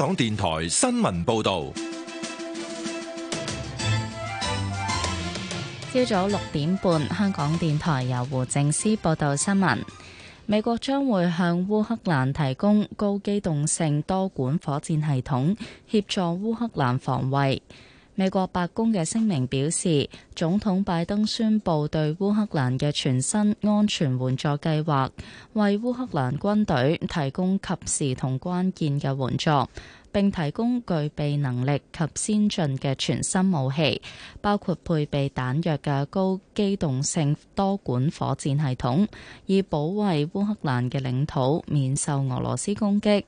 港電台新聞報道，朝早六點半，香港電台由胡靜思報道新聞。美國將會向烏克蘭提供高機動性多管火箭系統，協助烏克蘭防衛。美國白宮嘅聲明表示，總統拜登宣布對烏克蘭嘅全新安全援助計劃，為烏克蘭軍隊提供及時同關鍵嘅援助。並提供具備能力及先進嘅全新武器，包括配備彈藥嘅高機動性多管火箭系統，以保衛烏克蘭嘅領土，免受俄羅斯攻擊。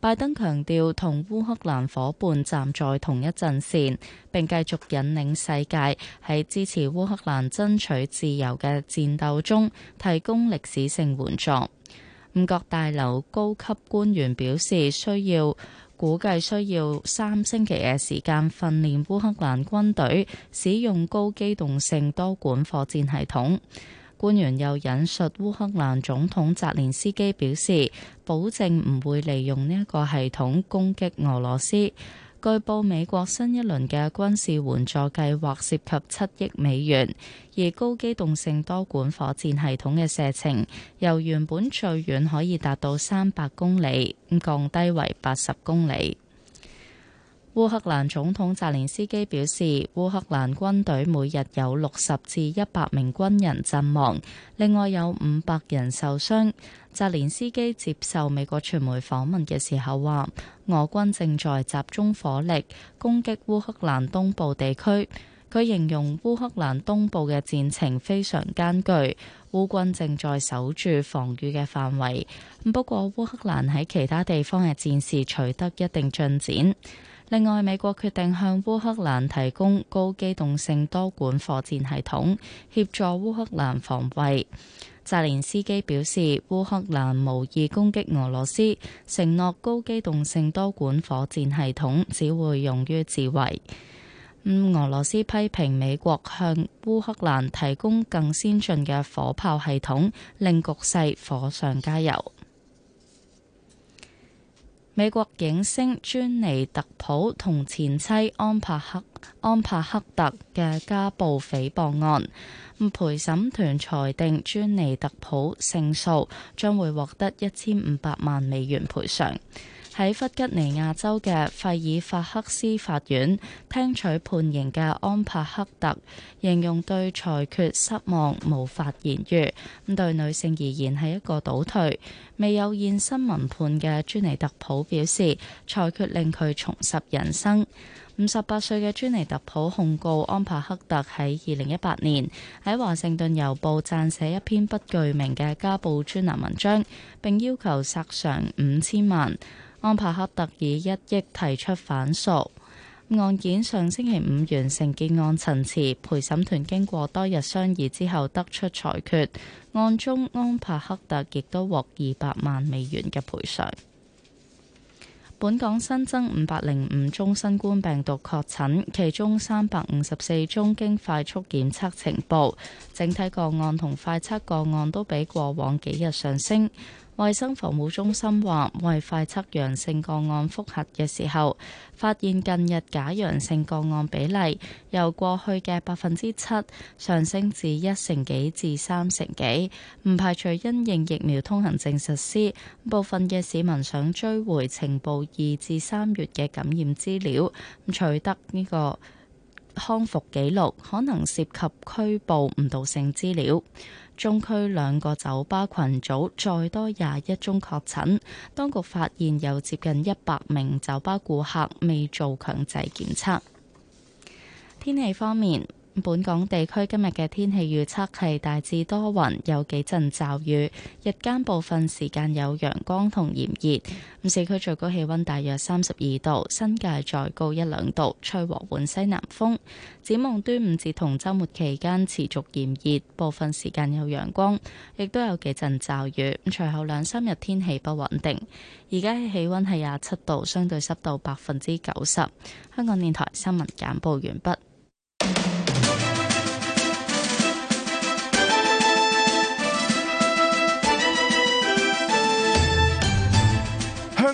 拜登強調，同烏克蘭伙伴站在同一陣線，並繼續引領世界喺支持烏克蘭爭取自由嘅戰鬥中提供歷史性援助。五角大樓高級官員表示需要。估計需要三星期嘅時間訓練烏克蘭軍隊使用高機動性多管火箭系統。官員又引述烏克蘭總統澤連斯基表示，保證唔會利用呢一個系統攻擊俄羅斯。據報，美國新一輪嘅軍事援助計劃涉及七億美元，而高機動性多管火箭系統嘅射程由原本最遠可以達到三百公里，降低為八十公里。烏克蘭總統澤連斯基表示，烏克蘭軍隊每日有六十至一百名軍人陣亡，另外有五百人受傷。澤連斯基接受美國傳媒訪問嘅時候話，俄軍正在集中火力攻擊烏克蘭東部地區。佢形容烏克蘭東部嘅戰情非常艱巨，烏軍正在守住防禦嘅範圍。不過，烏克蘭喺其他地方嘅戰事取得一定進展。另外，美國決定向烏克蘭提供高機動性多管火箭系統，協助烏克蘭防衛。澤連斯基表示，烏克蘭無意攻擊俄羅斯，承諾高機動性多管火箭系統只會用於自衛，嗯。俄羅斯批評美國向烏克蘭提供更先進嘅火炮系統，令局勢火上加油。美國影星尊尼特普同前妻安柏赫安柏赫特嘅家暴誹謗案，陪審團裁定尊尼特普勝訴，將會獲得一千五百萬美元賠償。喺弗吉尼亞州嘅費爾法克斯法院聽取判刑嘅安柏克特，形容對裁決失望，無法言喻。咁對女性而言係一個倒退。未有現身聞判嘅朱尼特普表示，裁決令佢重拾人生。五十八歲嘅朱尼特普控告安柏克特喺二零一八年喺華盛頓郵報撰寫一篇不具名嘅家暴專欄文章，並要求索償五千萬。安帕克特以一億提出反訴。案件上星期五完成結案陳詞，陪審團經過多日商議之後得出裁決。案中安帕克特亦都獲二百萬美元嘅賠償。本港新增五百零五宗新冠病毒確診，其中三百五十四宗經快速檢測呈報。整體個案同快測個案都比過往幾日上升。衛生防護中心話，為快測陽性個案複核嘅時候，發現近日假陽性個案比例由過去嘅百分之七上升至一成幾至三成幾，唔排除因應疫苗通行證實施，部分嘅市民想追回呈報二至三月嘅感染資料，取得呢個康復記錄，可能涉及拘捕誤導性資料。中區兩個酒吧群組再多廿一宗確診，當局發現有接近一百名酒吧顧客未做強制檢測。天氣方面。本港地區今日嘅天氣預測係大致多雲有幾陣驟雨，日間部分時間有陽光同炎熱，咁市區最高氣溫大約三十二度，新界再高一兩度，吹和緩西南風。展望端午節同周末期間持續炎熱，部分時間有陽光，亦都有幾陣驟雨。咁隨後兩三日天氣不穩定。而家嘅氣溫係廿七度，相對濕度百分之九十。香港電台新聞簡報完畢。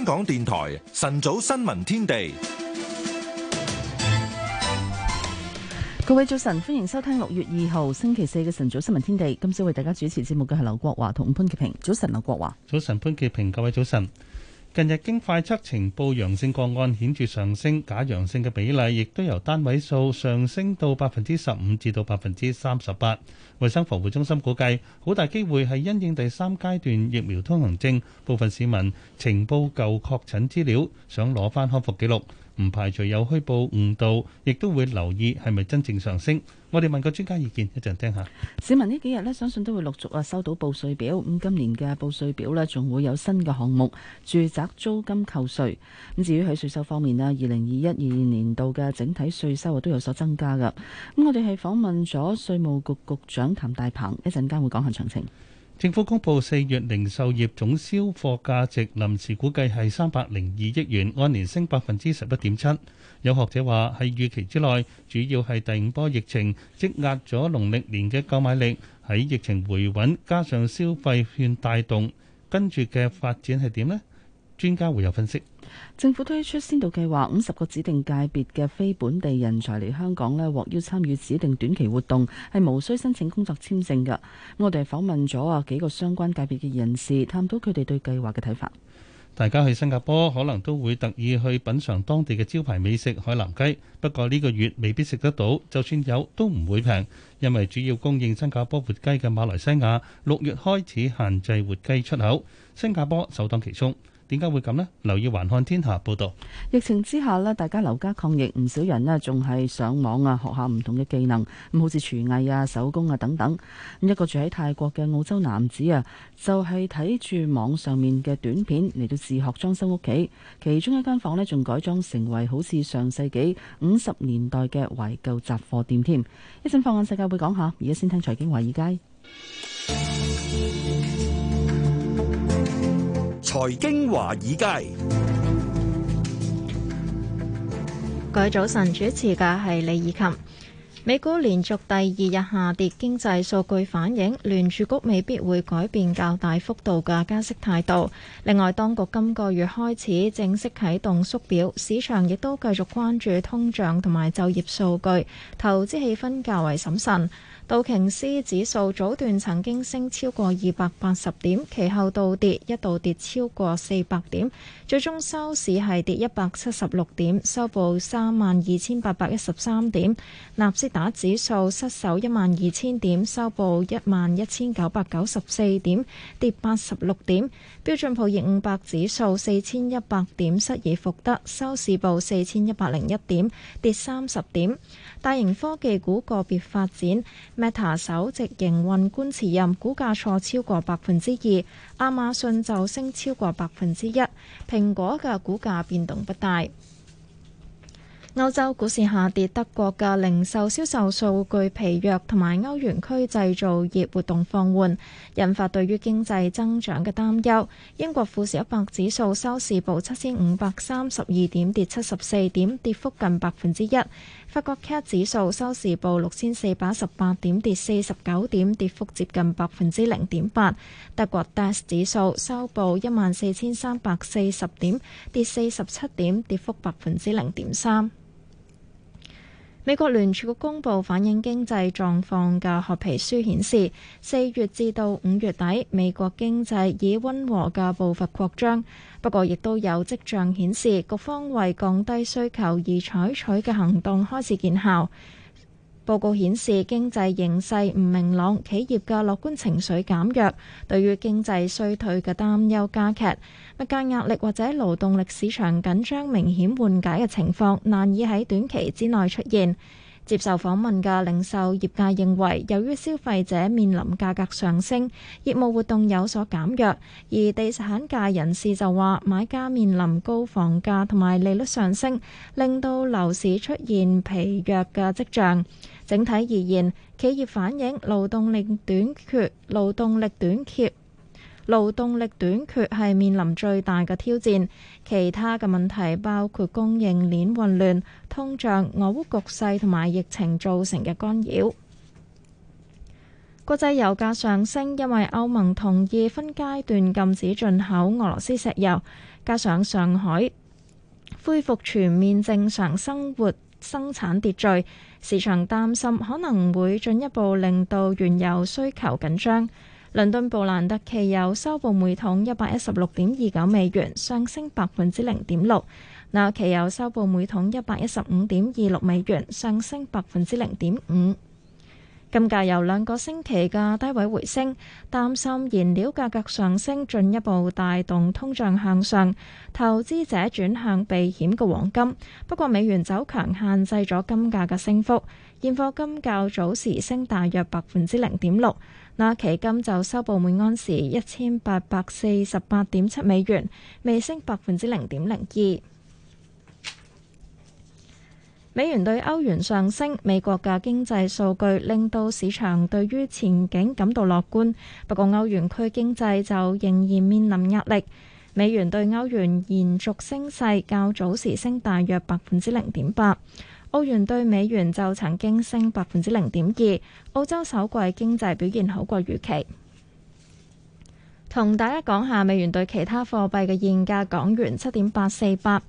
香港電台晨早新聞天地，各位早晨，歡迎收聽六月二號星期四嘅晨早新聞天地。今次為大家主持節目嘅係劉國華同潘潔平。早晨，劉國華。早晨，潘潔平。各位早晨。近日經快測呈報陽性個案顯著上升，假陽性嘅比例亦都由單位數上升到百分之十五至到百分之三十八。衛生防護中心估計，好大機會係因應第三階段疫苗通行證，部分市民呈報舊確診資料，想攞翻康復記錄。唔排除有虛報誤導，亦都會留意係咪真正上升。我哋問個專家意見一陣聽下。市民呢幾日咧，相信都會陸續啊收到報稅表。咁今年嘅報稅表咧，仲會有新嘅項目，住宅租金扣稅。咁至於喺稅收方面啊，二零二一二二年度嘅整體稅收啊都有所增加噶。咁我哋係訪問咗稅務局局長譚大鵬，會會一陣間會講下詳情。政府公布四月零售業總銷貨價值臨時估計係三百零二億元，按年升百分之十一點七。有學者話喺預期之內，主要係第五波疫情積壓咗農曆年嘅購買力，喺疫情回穩加上消費券帶動，跟住嘅發展係點呢？專家會有分析。政府推出先導計劃，五十個指定界別嘅非本地人才嚟香港咧，獲邀參與指定短期活動，係無需申請工作簽證㗎。我哋訪問咗啊幾個相關界別嘅人士，探討佢哋對計劃嘅睇法。大家去新加坡可能都會特意去品嘗當地嘅招牌美食海南雞，不過呢個月未必食得到，就算有都唔會平，因為主要供應新加坡活雞嘅馬來西亞，六月開始限制活雞出口，新加坡首當其衝。點解會咁呢？留意環看天下報道。疫情之下咧，大家留家抗疫，唔少人咧仲係上網啊，學下唔同嘅技能。咁好似廚藝啊、手工啊等等。一個住喺泰國嘅澳洲男子啊，就係睇住網上面嘅短片嚟到自學裝修屋企。其中一間房呢，仲改裝成為好似上世紀五十年代嘅懷舊雜貨店添。一陣放眼世界會講下，而家先聽財經華爾街。財經華爾街，各位早晨，主持嘅係李怡琴。美股連續第二日下跌，經濟數據反映聯儲局未必會改變較大幅度嘅加息態度。另外，當局今個月開始正式啟動縮表，市場亦都繼續關注通脹同埋就業數據，投資氣氛較為審慎。道瓊斯指數早段曾經升超過二百八十點，其後倒跌一度跌超過四百點，最終收市係跌一百七十六點，收報三萬二千八百一十三點。納斯達指數失守一萬二千點，收報一萬一千九百九十四點，跌八十六點。標準普爾五百指數四千一百點失而復得，收市報四千一百零一點，跌三十點。大型科技股個別發展。Meta 首席營運官辭任，股價挫超過百分之二；亞馬遜就升超過百分之一，蘋果嘅股價變動不大。歐洲股市下跌，德國嘅零售銷售數據疲弱，同埋歐元區製造業活動放緩，引發對於經濟增長嘅擔憂。英國富時一百指數收市報七千五百三十二點，跌七十四點，跌幅近百分之一。法國 CAC 指數收市報六千四百十八點，跌四十九點，跌幅接近百分之零點八。德國 DAX 指數收報一萬四千三百四十點，跌四十七點，跌幅百分之零點三。美國聯儲局公布反映經濟狀況嘅褐皮書顯示，四月至到五月底，美國經濟以溫和嘅步伐擴張。不過，亦都有跡象顯示，各方為降低需求而採取嘅行動開始見效。報告顯示經濟形勢唔明朗，企業嘅樂觀情緒減弱，對於經濟衰退嘅擔憂加劇。物價壓力或者勞動力市場緊張明顯緩解嘅情況，難以喺短期之內出現。接受訪問嘅零售業界認為，由於消費者面臨價格上升，業務活動有所減弱。而地產界人士就話，買家面臨高房價同埋利率上升，令到樓市出現疲弱嘅跡象。整體而言，企業反映勞動力短缺，勞動力短缺，勞動力短缺係面臨最大嘅挑戰。其他嘅問題包括供應鏈混亂、通脹、俄烏局勢同埋疫情造成嘅干擾。國際油價上升，因為歐盟同意分階段禁止進口俄羅斯石油，加上上海恢復全面正常生活生產秩序。市場擔心可能會進一步令到原油需求緊張。倫敦布蘭特期油收報每桶一百一十六點二九美元，上升百分之零點六；那期油收報每桶一百一十五點二六美元，上升百分之零點五。金價由兩個星期嘅低位回升，擔心燃料價格上升進一步帶動通脹向上，投資者轉向避險嘅黃金。不過美元走強限制咗金價嘅升幅，現貨金較早時升大約百分之零點六，那期金就收報每安士一千八百四十八點七美元，微升百分之零點零二。美元對歐元上升，美國嘅經濟數據令到市場對於前景感到樂觀。不過，歐元區經濟就仍然面臨壓力。美元對歐元延續升勢，較早時升大約百分之零點八。澳元對美元就曾經升百分之零點二。澳洲首季經濟表現好過預期。同大家講下美元對其他貨幣嘅現價，港元七點八四八。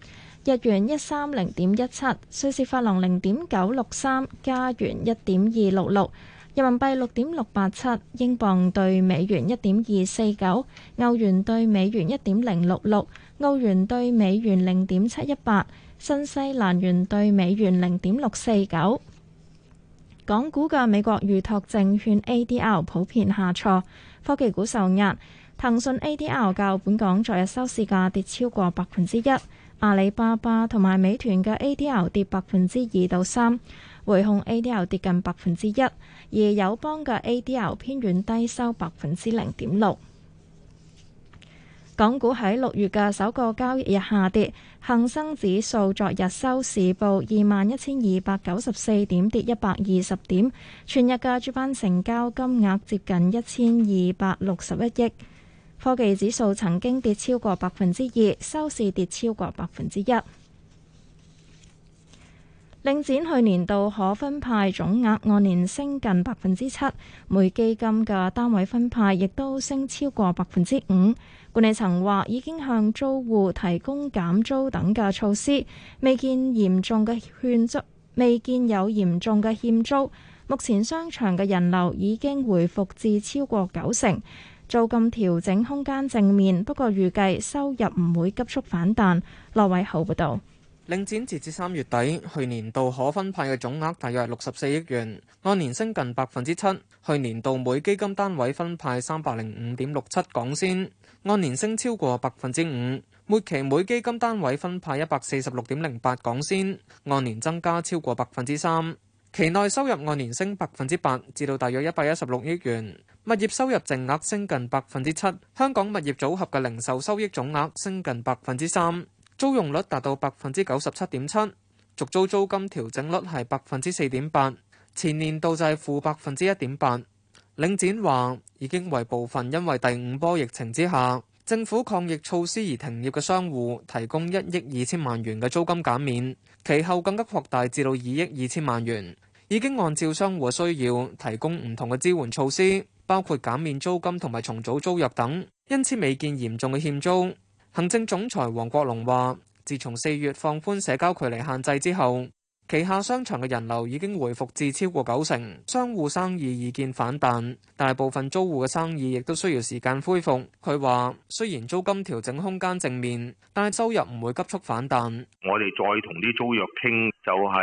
日元一三零點一七，瑞士法郎零點九六三，加元一點二六六，人民幣六點六八七，英鎊兌美元一點二四九，歐元兌美元一點零六六，澳元兌美元零點七一八，新西蘭元兌美元零點六四九。港股嘅美國預託證券 A D R 普遍下挫，科技股受壓，騰訊 A D R 較本港昨日收市價跌超過百分之一。阿里巴巴同埋美團嘅 ADR 跌百分之二到三，匯控 ADR 跌近百分之一，而友邦嘅 ADR 偏軟低收百分之零點六。港股喺六月嘅首個交易日下跌，恒生指數昨日收市報二萬一千二百九十四點，跌一百二十點，全日嘅主板成交金額接近一千二百六十一億。科技指數曾經跌超過百分之二，收市跌超過百分之一。領展去年度可分派總額按年升近百分之七，每基金嘅單位分派亦都升超過百分之五。管理層話已經向租戶提供減租等嘅措施，未見嚴重嘅欠租，未見有嚴重嘅欠租。目前商場嘅人流已經回復至超過九成。租金調整空間正面，不過預計收入唔會急速反彈。羅偉豪報導，領展截至三月底，去年度可分派嘅總額大約係六十四億元，按年升近百分之七。去年度每基金單位分派三百零五點六七港仙，按年升超過百分之五。末期每基金單位分派一百四十六點零八港仙，按年增加超過百分之三。期內收入按年升百分之八，至到大約一百一十六億元。物業收入淨額升近百分之七，香港物業組合嘅零售收益總額升近百分之三，租用率達到百分之九十七點七，續租租金調整率係百分之四點八，前年度就係負百分之一點八。領展話已經為部分因為第五波疫情之下政府抗疫措施而停業嘅商戶提供一億二千萬元嘅租金減免，其後更加擴大至到二億二千萬元，已經按照商戶嘅需要提供唔同嘅支援措施。包括減免租金同埋重組租約等，因此未見嚴重嘅欠租。行政總裁黃國龍話，自從四月放寬社交距離限制之後，旗下商場嘅人流已經回復至超過九成，商戶生意已見反彈，大部分租戶嘅生意亦都需要時間恢復。佢話，雖然租金調整空間正面，但係收入唔會急速反彈。我哋再同啲租約傾，就係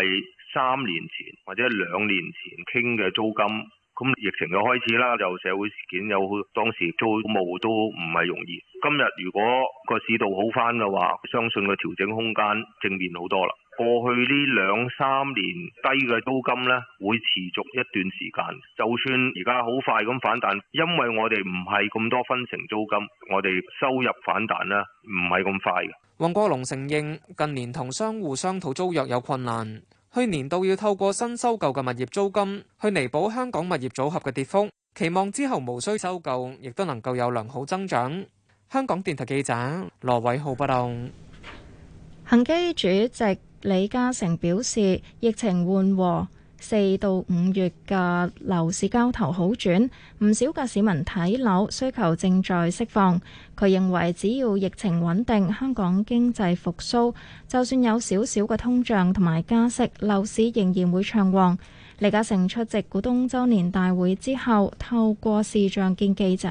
三年前或者兩年前傾嘅租金。咁疫情又開始啦，又社會事件有，好，當時租務都唔係容易。今日如果個市道好返嘅話，相信個調整空間正面好多啦。過去呢兩三年低嘅租金呢，會持續一段時間。就算而家好快咁反彈，因為我哋唔係咁多分成租金，我哋收入反彈呢，唔係咁快嘅。王國龍承認近年同商戶商討租約有困難。去年度要透過新收購嘅物業租金去彌補香港物業組合嘅跌幅，期望之後無需收購，亦都能夠有良好增長。香港電台記者羅偉浩報道。恒基主席李嘉誠表示，疫情緩和，四到五月嘅樓市交投好轉，唔少嘅市民睇樓需求正在釋放。佢認為只要疫情穩定，香港經濟復甦，就算有少少嘅通脹同埋加息，樓市仍然會暢旺。李嘉誠出席股東周年大會之後透過視像見記者，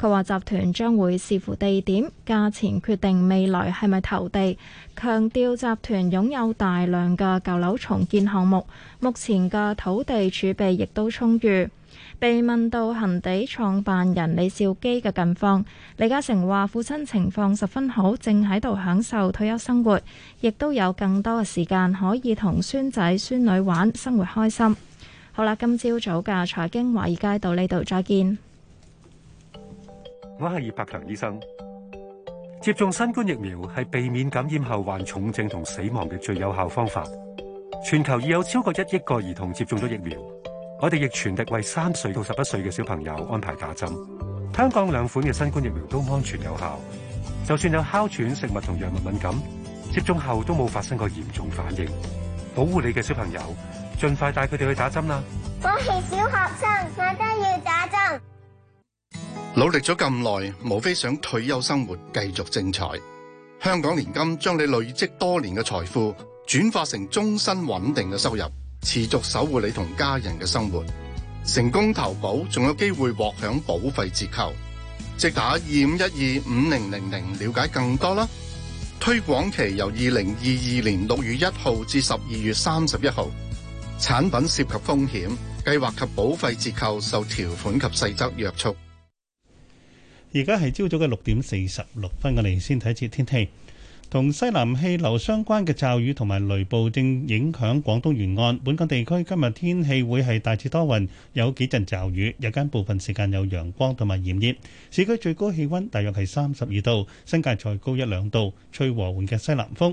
佢話集團將會視乎地點價錢決定未來係咪投地，強調集團擁有大量嘅舊樓重建項目，目前嘅土地儲備亦都充裕。被問到恒地創辦人李兆基嘅近況，李嘉誠話：父親情況十分好，正喺度享受退休生活，亦都有更多嘅時間可以同孫仔孫女玩，生活開心。好啦，今朝早嘅財經華爾街到呢度再見。我係葉百強醫生，接種新冠疫苗係避免感染後患重症同死亡嘅最有效方法。全球已有超過一億個兒童接種咗疫苗。我哋亦全力為三歲到十一歲嘅小朋友安排打針。香港兩款嘅新冠疫苗都安全有效，就算有哮喘、食物同藥物敏感，接種後都冇發生過嚴重反應。保護你嘅小朋友，盡快帶佢哋去打針啦！我係小學生，我都要打針。努力咗咁耐，無非想退休生活繼續精彩。香港年金將你累積多年嘅財富轉化成終身穩定嘅收入。持續守護你同家人嘅生活，成功投保仲有機會獲享保費折扣，即打二五一二五零零零了解更多啦。推廣期由二零二二年六月一號至十二月三十一號，產品涉及風險，計劃及保費折扣受條款及細則約束。而家係朝早嘅六點四十六分，我哋先睇一次天氣。同西南氣流相關嘅驟雨同埋雷暴正影響廣東沿岸，本港地區今日天氣會係大致多雲，有幾陣驟雨，日間部分時間有陽光同埋炎熱。市區最高氣温大約係三十二度，新界再高一兩度，吹和緩嘅西南風。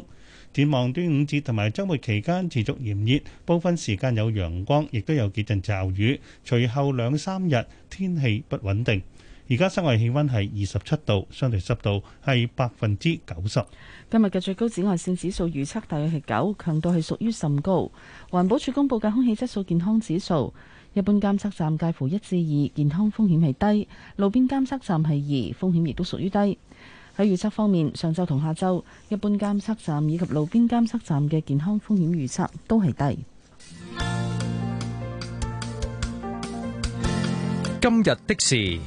展望端午節同埋周末期間持續炎熱，部分時間有陽光，亦都有幾陣驟雨。隨後兩三日天氣不穩定。而家室外氣溫係二十七度，相對濕度係百分之九十。今日嘅最高紫外線指數預測大約係九，強度係屬於甚高。環保署公布嘅空氣質素健康指數，一般監測站介乎一至二，健康風險係低；路邊監測站係二，風險亦都屬於低。喺預測方面，上晝同下晝，一般監測站以及路邊監測站嘅健康風險預測都係低。今日的事。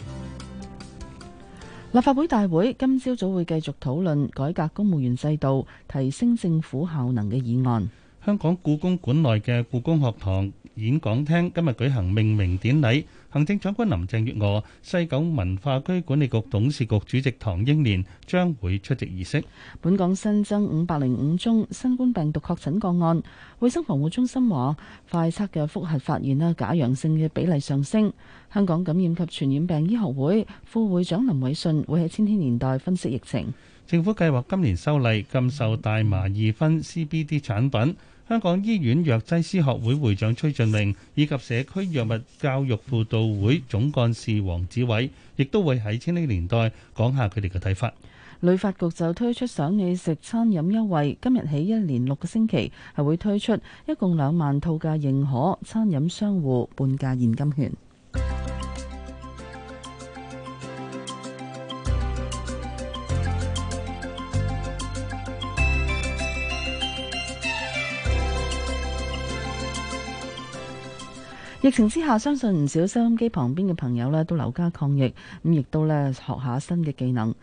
立法會大會今朝早會繼續討論改革公務員制度、提升政府效能嘅議案。香港故宮館內嘅故宮學堂演講廳今日舉行命名典禮。行政長官林鄭月娥、西九文化區管理局董事局主席唐英年將會出席儀式。本港新增五百零五宗新冠病毒確診個案，衛生防護中心話快測嘅複核發現啦假陽性嘅比例上升。香港感染及傳染病醫學會副會長林偉信會喺千禧年代分析疫情。政府計劃今年修例禁售大麻二酚 CBD 產品。香港醫院藥劑師學會會長崔俊明以及社區藥物教育輔導會總幹事黃子偉，亦都會喺千禧年代講下佢哋嘅睇法。旅發局就推出想你食餐飲優惠，今日起一年六個星期係會推出一共兩萬套嘅認可餐飲商戶半價現金券。疫情之下，相信唔少收音機旁邊嘅朋友呢都留家抗疫，咁亦都呢學下新嘅技能。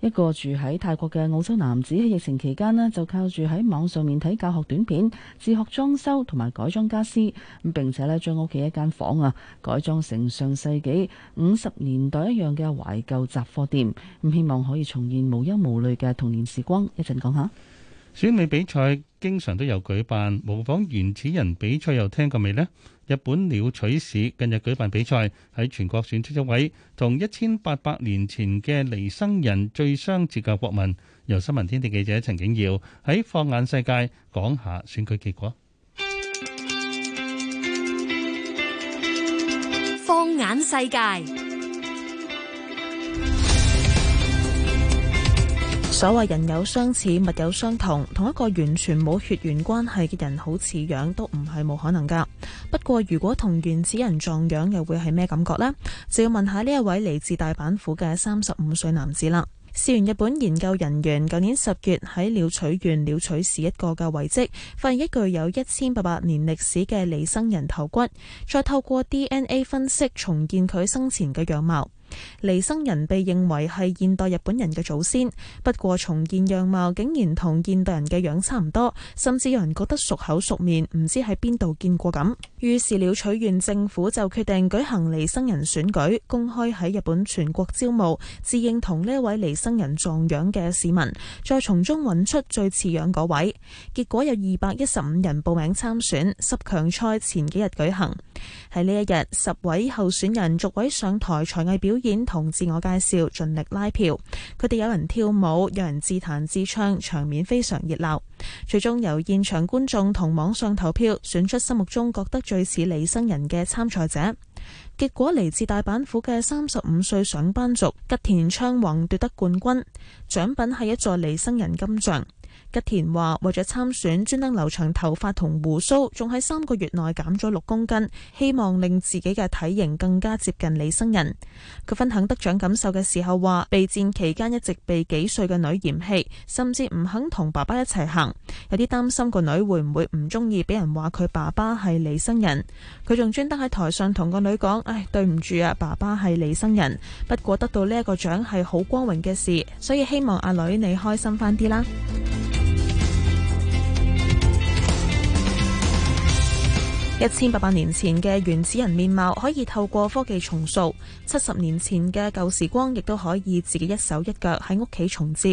一個住喺泰國嘅澳洲男子喺疫情期間呢，就靠住喺網上面睇教學短片，自學裝修同埋改裝傢俬，咁並且呢將屋企一間房啊改裝成上世紀五十年代一樣嘅懷舊雜貨店，咁希望可以重現無憂無慮嘅童年時光。一陣講下選美比賽經常都有舉辦，模仿原始人比賽又聽過未呢？日本鳥取市近日舉辦比賽，喺全國選出一位同一千八百年前嘅離生人最相似嘅國民。由新聞天地記者陳景耀喺《放眼世界》講下選舉結果。放眼世界，所謂人有相似，物有相同，同一個完全冇血緣關係嘅人，好似樣都唔係冇可能噶。不過如果同原始人撞樣又會係咩感覺呢？就要問下呢一位嚟自大阪府嘅三十五歲男子啦。試完日本研究人員，舊年十月喺鳥取縣鳥取市一個嘅遺跡，發現一具有一千八百年歷史嘅李生人頭骨，再透過 DNA 分析重建佢生前嘅樣貌。離生人被認為係現代日本人嘅祖先，不過重建樣貌竟然同現代人嘅樣差唔多，甚至有人覺得熟口熟面，唔知喺邊度見過咁。於是鳥取縣政府就決定舉行離生人選舉，公開喺日本全國招募，自認同呢一位離生人撞樣嘅市民，再從中揾出最似樣嗰位。結果有二百一十五人報名參選，十強賽前幾日舉行。喺呢一日，十位候選人逐位上台才藝表演。演同自我介紹，盡力拉票。佢哋有人跳舞，有人自彈自唱，場面非常熱鬧。最終由現場觀眾同網上投票，選出心目中覺得最似李生人嘅參賽者。結果嚟自大阪府嘅三十五歲上班族吉田昌宏奪得冠軍，獎品係一座李生人金像。吉田話：為咗參選，專登留長頭髮同鬍鬚，仲喺三個月內減咗六公斤，希望令自己嘅體型更加接近李生人。佢分享得獎感受嘅時候話：備戰期間一直被幾歲嘅女嫌棄，甚至唔肯同爸爸一齊行，有啲擔心個女會唔會唔中意，俾人話佢爸爸係李生人。佢仲專登喺台上同個女講：唉，對唔住啊，爸爸係李生人。不過得到呢一個獎係好光榮嘅事，所以希望阿女你開心翻啲啦。一千八百年前嘅原始人面貌可以透過科技重塑，七十年前嘅舊時光亦都可以自己一手一腳喺屋企重置。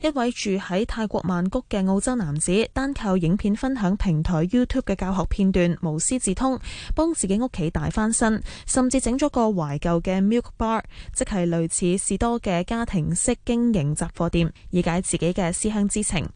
一位住喺泰國曼谷嘅澳洲男子，單靠影片分享平台 YouTube 嘅教學片段，無師自通，幫自己屋企大翻身，甚至整咗個懷舊嘅 Milk Bar，即係類似士多嘅家庭式經營雜貨店，以解自己嘅思鄉之情。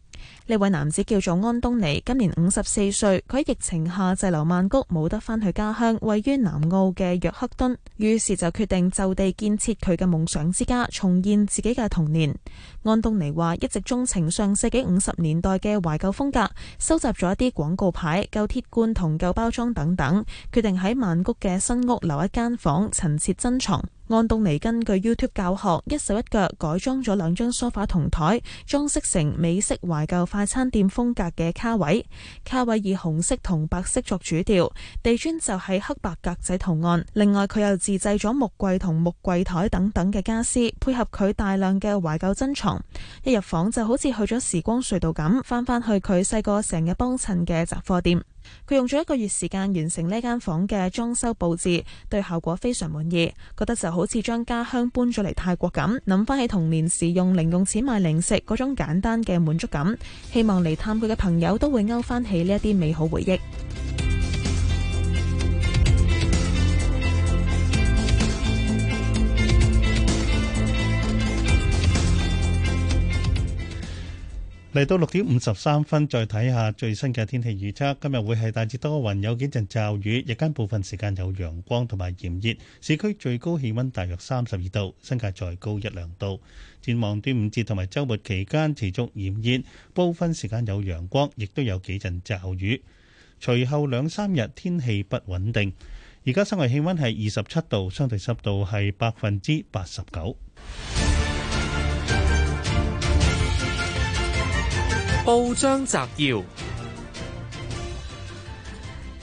呢位男子叫做安東尼，今年五十四歲，佢喺疫情下滯留曼谷，冇得返去家鄉，位於南澳嘅約克敦，於是就決定就地建設佢嘅夢想之家，重現自己嘅童年。安東尼話一直鍾情上世紀五十年代嘅懷舊風格，收集咗一啲廣告牌、舊鐵罐同舊包裝等等，決定喺曼谷嘅新屋留一間房陳設珍藏。安東尼根據 YouTube 教學一手一腳改裝咗兩張梳化同台，裝飾成美式懷舊。快餐店風格嘅卡位，卡位以紅色同白色作主調，地磚就係黑白格仔圖案。另外佢又自製咗木櫃同木櫃台等等嘅家私，配合佢大量嘅懷舊珍藏，一入房就好似去咗時光隧道咁，翻返去佢細個成日幫襯嘅雜貨店。佢用咗一個月時間完成呢間房嘅裝修佈置，對效果非常滿意，覺得就好似將家鄉搬咗嚟泰國咁。諗翻起童年時用零用錢買零食嗰種簡單嘅滿足感，希望嚟探佢嘅朋友都會勾翻起呢一啲美好回憶。嚟到六點五十三分，再睇下最新嘅天氣預測。今日會係大致多雲，有幾陣驟雨，日間部分時間有陽光同埋炎熱。市區最高氣温大約三十二度，新界再高一兩度。展望端午節同埋週末期間持續炎熱，部分時間有陽光，亦都有幾陣驟雨。隨後兩三日天氣不穩定。而家室外氣温係二十七度，相對濕度係百分之八十九。報章摘要，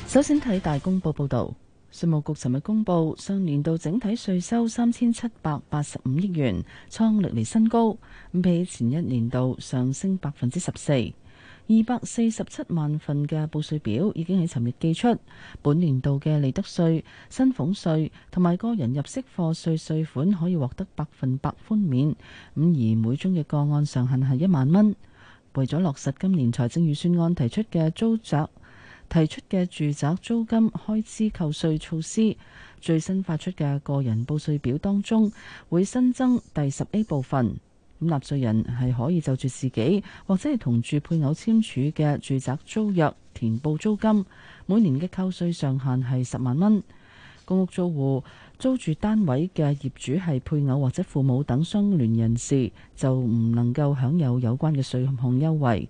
首先睇大公報報道，稅務局尋日公布上年度整體稅收三千七百八十五億元，創歷年新高，咁比前一年度上升百分之十四，二百四十七萬份嘅報稅表已經喺尋日寄出。本年度嘅利得稅、薪俸稅同埋個人入息課稅稅款可以獲得百分百寬免，咁而每宗嘅個案上限係一萬蚊。為咗落實今年財政預算案提出嘅租宅，提出嘅住宅租金開支扣稅措施，最新發出嘅個人報稅表當中會新增第十 A 部分，咁納稅人係可以就住自己或者係同住配偶簽署嘅住宅租約填報租金，每年嘅扣稅上限係十萬蚊，公屋租戶。租住單位嘅業主係配偶或者父母等相聯人士，就唔能夠享有有關嘅稅控優惠。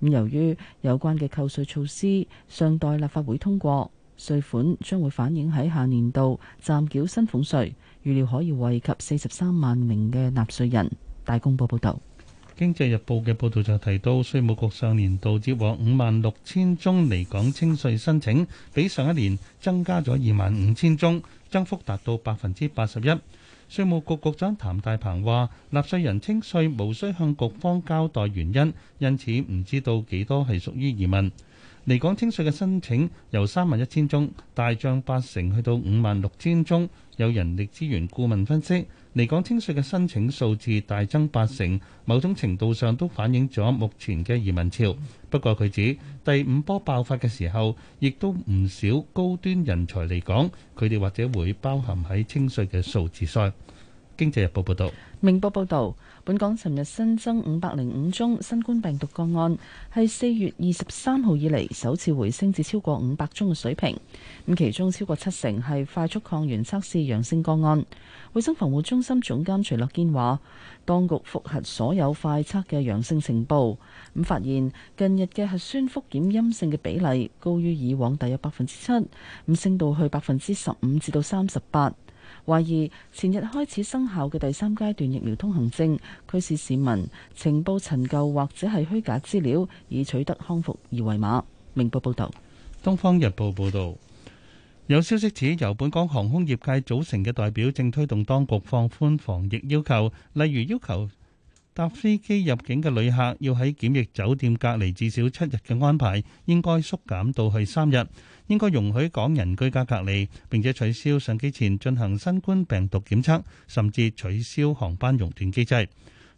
咁由於有關嘅扣稅措施尚待立法會通過，稅款將會反映喺下年度暫繳薪俸稅，預料可以惠及四十三萬名嘅納稅人。大公報報道。經濟日報嘅報導就提到，稅務局上年度接獲五萬六千宗離港清稅申請，比上一年增加咗二萬五千宗，增幅達到百分之八十一。稅務局局長譚大鵬話：納稅人清稅無需向局方交代原因，因此唔知道幾多係屬於移民。離港清稅嘅申請由三萬一千宗大漲八成，去到五萬六千宗。有人力資源顧問分析，離港清稅嘅申請數字大增八成，某種程度上都反映咗目前嘅移民潮。不過佢指第五波爆發嘅時候，亦都唔少高端人才嚟港，佢哋或者會包含喺清稅嘅數字上。經濟日報報道。明報報導。本港尋日新增五百零五宗新冠病毒個案，係四月二十三號以嚟首次回升至超過五百宗嘅水平。咁其中超過七成係快速抗原測試陽性個案。衞生防護中心總監徐樂堅話，當局複核所有快測嘅陽性呈報，咁發現近日嘅核酸復檢陰性嘅比例高於以往，大約百分之七，咁升到去百分之十五至到三十八。懷疑前日開始生效嘅第三階段疫苗通行證，驅使市民呈報陳舊或者係虛假資料以取得康復二維碼。明報報道，東方日報報道，有消息指由本港航空業界組成嘅代表正推動當局放寬防疫要求，例如要求搭飛機入境嘅旅客要喺檢疫酒店隔離至少七日嘅安排，應該縮減到去三日。應該容許港人居家隔離，並且取消上機前進行新冠病毒檢測，甚至取消航班熔斷機制。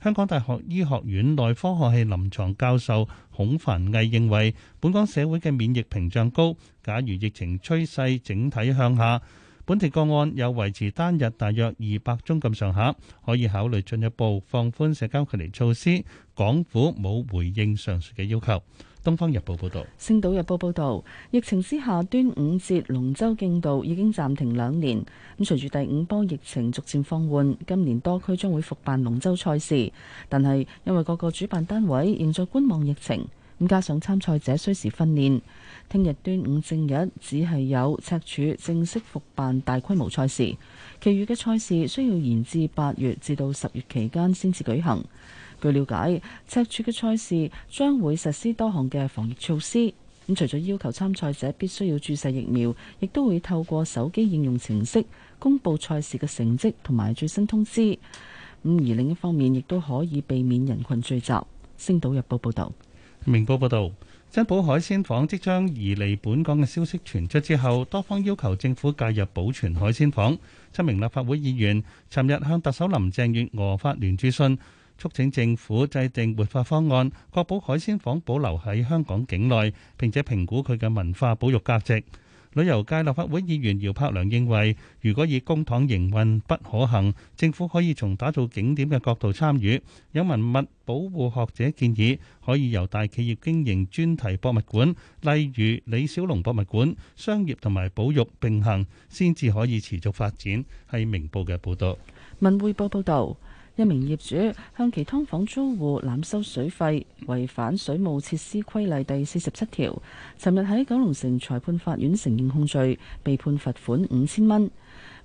香港大學醫學院內科學系臨床教授孔繁毅認為，本港社會嘅免疫屏障高，假如疫情趨勢整體向下，本地個案有維持單日大約二百宗咁上下，可以考慮進一步放寬社交距離措施。港府冇回應上述嘅要求。《東方日報》報道，《星島日報》報道：疫情之下，端午節龍舟競渡已經暫停兩年。咁隨住第五波疫情逐漸放緩，今年多區將會復辦龍舟賽事，但係因為各個主辦單位仍在觀望疫情，咁加上參賽者需時訓練，聽日端午正日只係有赤柱正式復辦大規模賽事，其餘嘅賽事需要延至八月至到十月期間先至舉行。據了解，赤柱嘅賽事將會實施多項嘅防疫措施。咁、嗯、除咗要求參賽者必須要注射疫苗，亦都會透過手機應用程式公布賽事嘅成績同埋最新通知。咁、嗯、而另一方面，亦都可以避免人群聚集。《星島日報》報道，《明報》報道，珍寶海鮮坊即將移離本港嘅消息傳出之後，多方要求政府介入保存海鮮坊。七名立法會議員尋日向特首林鄭月娥發聯署信。促請政府制定活化方案，確保海鮮舫保留喺香港境內，並且評估佢嘅文化保育價值。旅遊界立法會議員姚柏良認為，如果以公帑營運不可行，政府可以從打造景點嘅角度參與。有文物保護學者建議，可以由大企業經營專題博物館，例如李小龍博物館，商業同埋保育並行，先至可以持續發展。係明報嘅報導，文匯報報導。一名業主向其劏房租戶濫收水費，違反水務設施規例第四十七條。尋日喺九龍城裁判法院承認控罪，被判罰款五千蚊。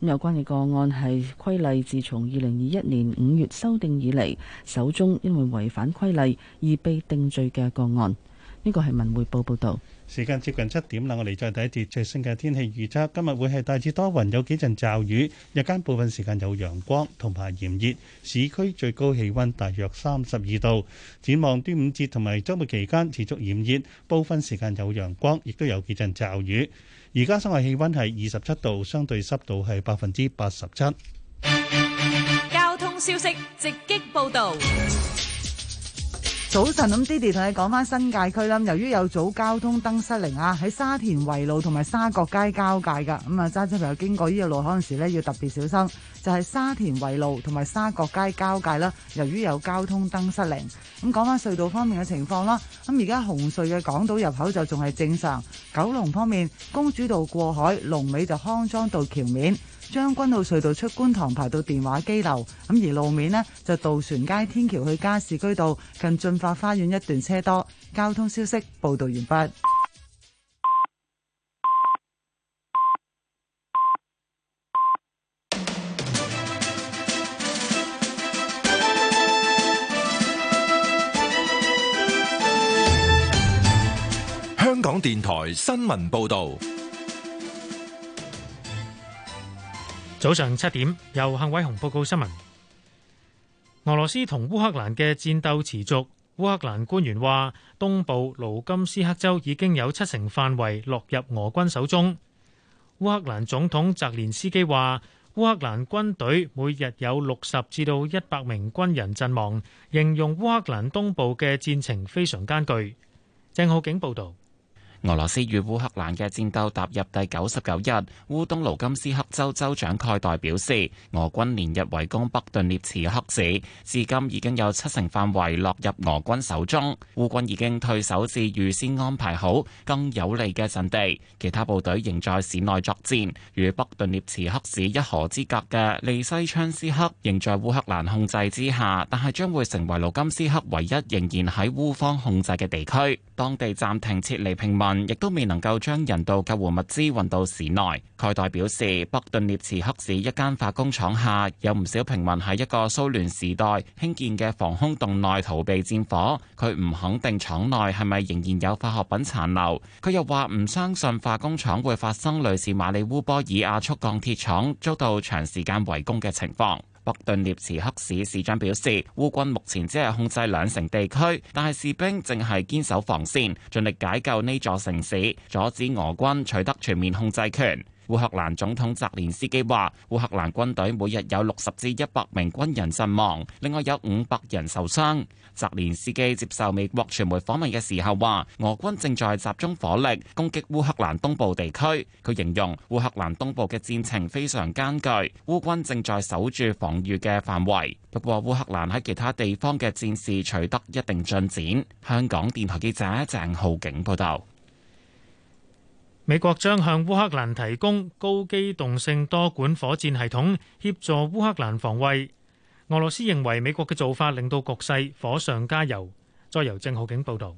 有關嘅個案係規例自從二零二一年五月修訂以嚟，首宗因為違反規例而被定罪嘅個案。呢個係文匯報報導。時間接近七點啦，我哋再睇一節最新嘅天氣預測。今日會係大致多雲，有幾陣驟雨。日間部分時間有陽光，同埋炎熱。市區最高氣溫大約三十二度。展望端午節同埋周末期間持續炎熱，部分時間有陽光，亦都有幾陣驟雨。而家室外氣溫係二十七度，相對濕度係百分之八十七。交通消息直擊報導，直擊報道。早晨，咁 Didi 同你講翻新界區啦。由於有早交通燈失靈啊，喺沙田圍路同埋沙角街交界噶，咁啊，揸、嗯、車朋友經過呢個路嗰陣時要特別小心。就係、是、沙田圍路同埋沙角街交界啦。由於有交通燈失靈，咁講翻隧道方面嘅情況啦。咁而家紅隧嘅港島入口就仲係正常。九龍方面，公主道過海，龍尾就康莊道橋面。將軍澳隧道出觀塘排到電話機樓，咁而路面呢就渡船街天橋去加士居道近駿發花園一段車多。交通消息報道完畢。香港電台新聞報道。早上七點，由幸偉雄報告新聞。俄羅斯同烏克蘭嘅戰鬥持續。烏克蘭官員話，東部盧甘斯克州已經有七成範圍落入俄軍手中。烏克蘭總統澤連斯基話，烏克蘭軍隊每日有六十至到一百名軍人陣亡，形容烏克蘭東部嘅戰情非常艱巨。鄭浩景報道。俄羅斯與烏克蘭嘅戰鬥踏入第九十九日。烏東盧金斯克州州長蓋代表示，俄軍連日圍攻北頓涅茨克市，至今已經有七成範圍落入俄軍手中。烏軍已經退守至預先安排好更有利嘅陣地，其他部隊仍在市內作戰。與北頓涅茨克市一河之隔嘅利西昌斯克仍在烏克蘭控制之下，但係將會成為盧金斯克唯一仍然喺烏方控制嘅地區。當地暫停撤離平民。亦都未能夠將人道救援物資運到市內。蓋代表示，北頓涅茨克市一間化工廠下有唔少平民喺一個蘇聯時代興建嘅防空洞內逃避戰火。佢唔肯定廠內係咪仍然有化學品殘留。佢又話唔相信化工廠會發生類似馬里烏波爾亞速鋼鐵廠遭到長時間圍攻嘅情況。北頓涅茨克市市長表示，烏軍目前只係控制兩成地區，但係士兵正係堅守防線，盡力解救呢座城市，阻止俄軍取得全面控制權。烏克蘭總統澤連斯基話：烏克蘭軍隊每日有六十至一百名軍人陣亡，另外有五百人受傷。澤連斯基接受美國傳媒訪問嘅時候話：俄軍正在集中火力攻擊烏克蘭東部地區。佢形容烏克蘭東部嘅戰情非常艱巨，烏軍正在守住防禦嘅範圍。不過烏克蘭喺其他地方嘅戰事取得一定進展。香港電台記者鄭浩景報道。美國將向烏克蘭提供高機動性多管火箭系統，協助烏克蘭防衛。俄羅斯認為美國嘅做法令到局勢火上加油。再由鄭浩景報導。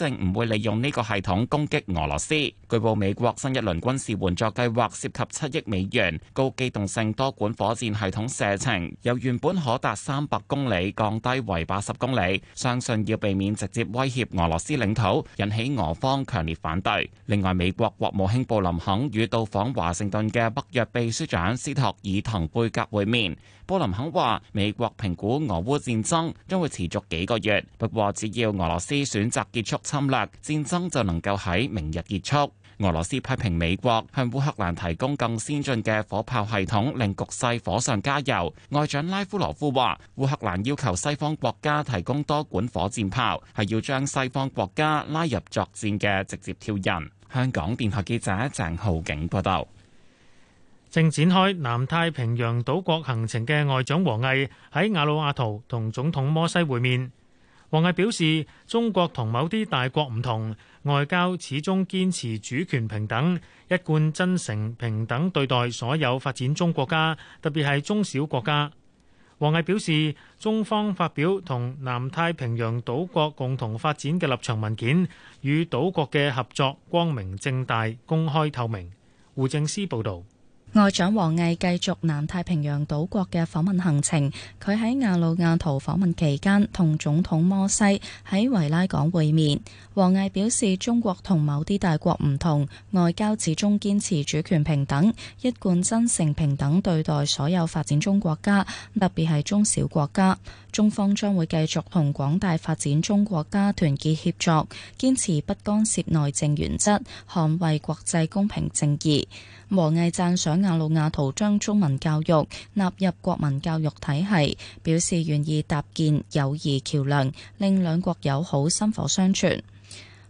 正唔會利用呢個系統攻擊俄羅斯。據報，美國新一輪軍事援助計劃涉及七億美元，高機動性多管火箭系統射程，由原本可達三百公里降低為八十公里。相信要避免直接威脅俄羅斯領土，引起俄方強烈反對。另外，美國國務卿布林肯與到訪華盛頓嘅北約秘書長斯托爾滕貝格會面。布林肯話美國評估俄烏戰爭將會持續幾個月，不過只要俄羅斯選擇結束侵略，戰爭就能夠喺明日結束。俄羅斯批評美國向烏克蘭提供更先進嘅火炮系統，令局勢火上加油。外長拉夫羅夫話烏克蘭要求西方國家提供多管火箭炮，係要將西方國家拉入作戰嘅直接挑釁。香港電台記者鄭浩景報道。正展開南太平洋島國行程嘅外長王毅喺瓦努阿圖同總統摩西會面。王毅表示，中國同某啲大國唔同，外交始終堅持主權平等，一貫真誠平等對待所有發展中國家，特別係中小國家。王毅表示，中方發表同南太平洋島國共同發展嘅立場文件，與島國嘅合作光明正大、公開透明。胡正思報道。外長王毅繼續南太平洋島國嘅訪問行程。佢喺瓦努阿圖訪問期間，同總統摩西喺維拉港會面。王毅表示，中國同某啲大國唔同，外交始終堅持主權平等，一貫真誠平等對待所有發展中國家，特別係中小國家。中方將會繼續同廣大發展中國家團結協作，堅持不干涉內政原則，捍衛國際公平正義。王毅讚賞亞魯亞圖將中文教育納入國民教育體系，表示願意搭建友誼橋樑，令兩國友好薪火相傳。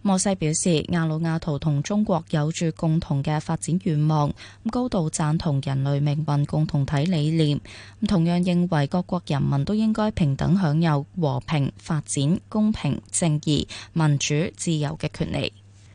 莫西表示，亞魯亞圖同中國有住共同嘅發展願望，高度讚同人類命運共同體理念，同樣認為各國人民都應該平等享有和平、發展、公平、正義、民主、自由嘅權利。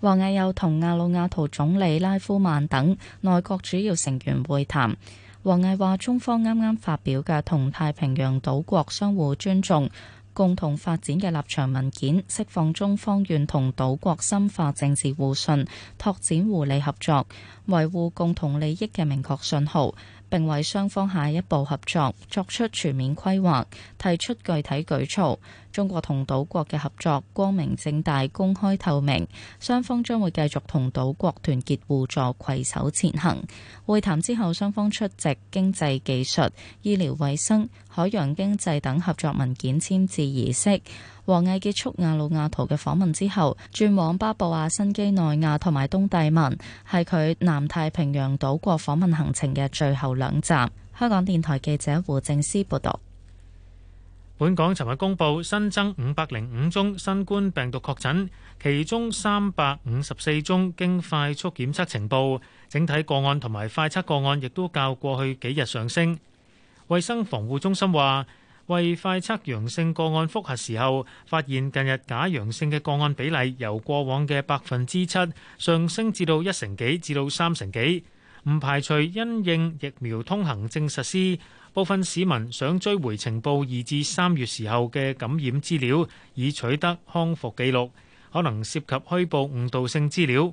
王毅又同亞魯亞圖總理拉夫曼等內閣主要成員會談。王毅話：中方啱啱發表嘅同太平洋島國相互尊重、共同發展嘅立場文件，釋放中方願同島國深化政治互信、拓展互利合作、維護共同利益嘅明確信號。並為雙方下一步合作作出全面規劃，提出具體舉措。中國同島國嘅合作光明正大、公開透明，雙方將會繼續同島國團結互助、攜手前行。會談之後，雙方出席經濟技術、醫療衛生、海洋經濟等合作文件簽字儀式。王毅結束亞魯亞圖嘅訪問之後，轉往巴布亞新幾內亞同埋東帝汶，係佢南太平洋島國訪問行程嘅最後兩站。香港電台記者胡正思報道。本港尋日公布新增五百零五宗新冠病毒確診，其中三百五十四宗經快速檢測呈報。整體個案同埋快測個案亦都較過去幾日上升。衛生防護中心話，為快測陽性個案覆核時候，發現近日假陽性嘅個案比例由過往嘅百分之七上升至到一成幾至到三成幾，唔排除因應疫苗通行證實施，部分市民想追回情報二至三月時候嘅感染資料，以取得康復記錄，可能涉及虛報誤導性資料。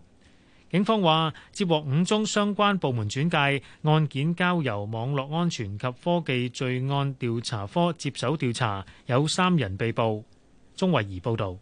警方話接獲五宗相關部門轉介案件，交由網絡安全及科技罪案調查科接手調查，有三人被捕。鍾慧儀報導。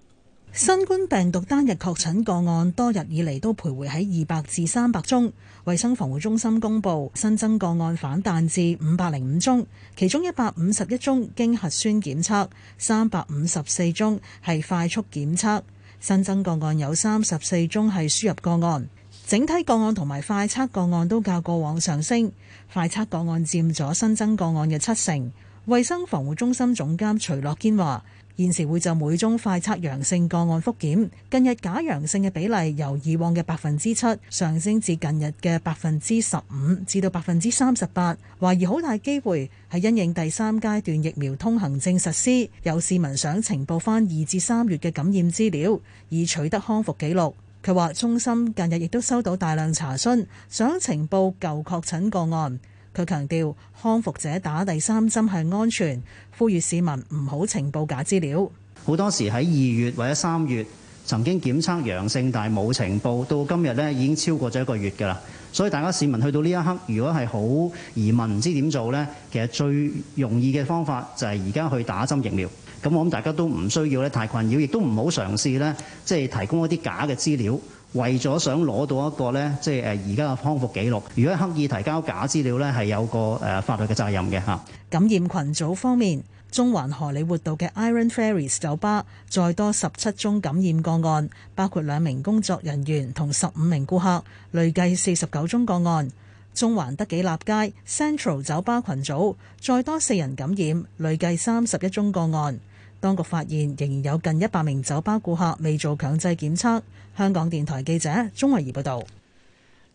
新冠病毒單日確診個案多日以嚟都徘徊喺二百至三百宗，衛生防護中心公布新增個案反彈至五百零五宗，其中一百五十一宗經核酸檢測，三百五十四宗係快速檢測。新增個案有三十四宗係輸入個案。整體個案同埋快測個案都較過往上升，快測個案佔咗新增個案嘅七成。衞生防護中心總監徐樂堅話：現時會就每宗快測陽性個案覆檢，近日假陽性嘅比例由以往嘅百分之七上升至近日嘅百分之十五至到百分之三十八，懷疑好大機會係因應第三階段疫苗通行證實施，有市民想呈報翻二至三月嘅感染資料以取得康復記錄。佢話：中心近日亦都收到大量查詢，想呈報舊確診個案。佢強調，康復者打第三針係安全，呼籲市民唔好呈報假資料。好多時喺二月或者三月曾經檢測陽性，但係冇呈報，到今日咧已經超過咗一個月㗎啦。所以大家市民去到呢一刻，如果係好疑問唔知點做呢，其實最容易嘅方法就係而家去打針疫苗。咁我諗大家都唔需要咧太困擾，亦都唔好嘗試咧，即係提供一啲假嘅資料，為咗想攞到一個咧，即係誒而家嘅康復記錄。如果刻意提交假資料咧，係有個誒法律嘅責任嘅嚇。感染群組方面，中環荷里活道嘅 Iron Fairies 酒吧再多十七宗感染個案，包括兩名工作人員同十五名顧客，累計四十九宗個案。中環德己立街 Central 酒吧群組再多四人感染，累計三十一宗個案。當局發現仍然有近一百名酒吧顧客未做強制檢測。香港電台記者鍾慧儀報導，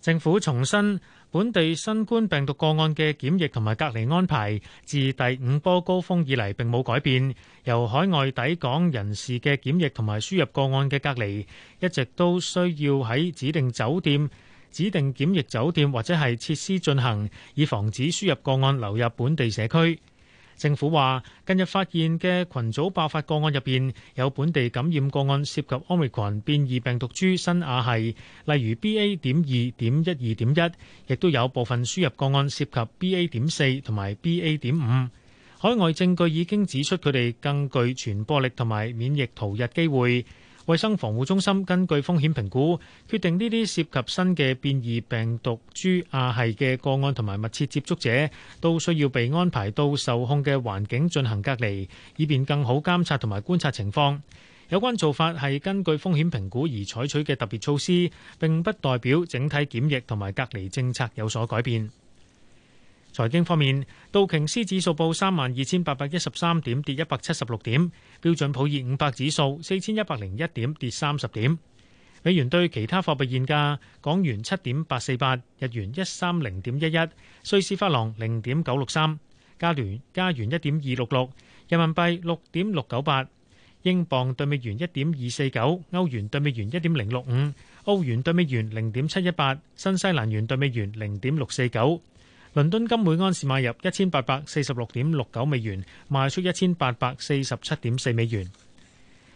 政府重申本地新冠病毒個案嘅檢疫同埋隔離安排，自第五波高峰以嚟並冇改變。由海外抵港人士嘅檢疫同埋輸入個案嘅隔離，一直都需要喺指定酒店、指定檢疫酒店或者係設施進行，以防止輸入個案流入本地社區。政府話：近日發現嘅群組爆發個案入邊，有本地感染個案涉及 Omicron 變異病毒株新亞系，例如 BA. 點二、點一二、點一，亦都有部分輸入個案涉及 BA. 點四同埋 BA. 點五。海外證據已經指出佢哋更具傳播力同埋免疫逃逸機會。衛生防護中心根據風險評估，決定呢啲涉及新嘅變異病毒株亞系嘅個案同埋密切接觸者，都需要被安排到受控嘅環境進行隔離，以便更好監察同埋觀察情況。有關做法係根據風險評估而採取嘅特別措施，並不代表整體檢疫同埋隔離政策有所改變。財經方面，道瓊斯指數報三萬二千八百一十三點，跌一百七十六點。標準普爾五百指數四千一百零一點，跌三十點。美元對其他貨幣現價：港元七點八四八，日元一三零點一一，瑞士法郎零點九六三，加聯加元一點二六六，人民幣六點六九八，英鎊對美元一點二四九，歐元對美元一點零六五，澳元對美元零點七一八，新西蘭元對美元零點六四九。倫敦金每安士買入一千八百四十六點六九美元，賣出一千八百四十七點四美元。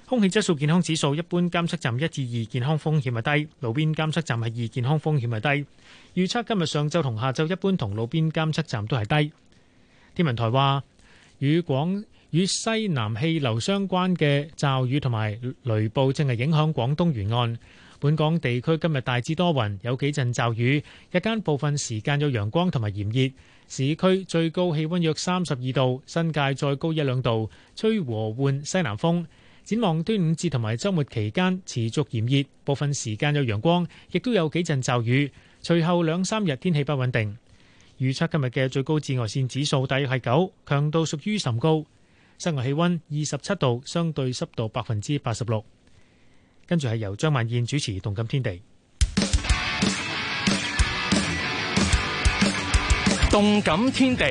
空氣質素健康指數一般監測站一至二，健康風險係低，路邊監測站係二，健康風險係低。預測今日上晝同下晝一般同路邊監測站都係低。天文台話，與廣與西南氣流相關嘅驟雨同埋雷暴正係影響廣東沿岸。本港地區今日大致多雲，有幾陣驟雨，日間部分時間有陽光同埋炎熱。市區最高氣溫約三十二度，新界再高一兩度，吹和緩西南風。展望端午節同埋周末期間持續炎熱，部分時間有陽光，亦都有幾陣驟雨。隨後兩三日天氣不穩定。預測今日嘅最高紫外線指數大約係九，強度屬於甚高。室外氣溫二十七度，相對濕度百分之八十六。跟住係由張曼燕主持《動感天地》。動感天地，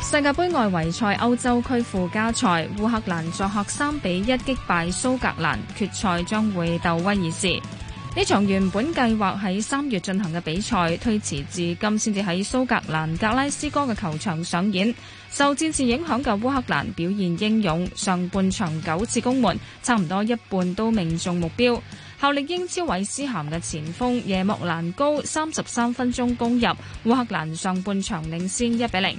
世界杯外圍賽歐洲區附加賽，烏克蘭作客三比一擊敗蘇格蘭，決賽將會鬥威爾士。呢場原本計劃喺三月進行嘅比賽，推遲至今先至喺蘇格蘭格拉斯哥嘅球場上演。受戰事影響嘅烏克蘭表現英勇，上半場九次攻門，差唔多一半都命中目標。效力英超韋斯咸嘅前鋒耶莫蘭高，三十三分鐘攻入，烏克蘭上半場領先一比零。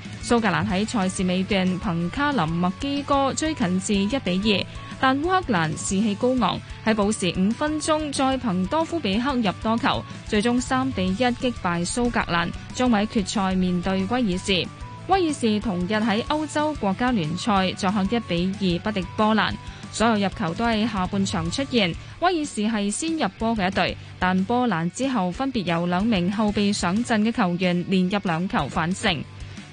蘇格蘭喺賽事尾段憑卡林麥基哥追近至一比二，但烏克蘭士氣高昂，喺補時五分鐘再憑多夫比克入多球，最終三比一擊敗蘇格蘭，將喺決賽面對威爾士。威爾士同日喺歐洲國家聯賽作客一比二不敵波蘭，所有入球都係下半場出現。威爾士係先入波嘅一隊，但波蘭之後分別由兩名後備上陣嘅球員連入兩球反勝。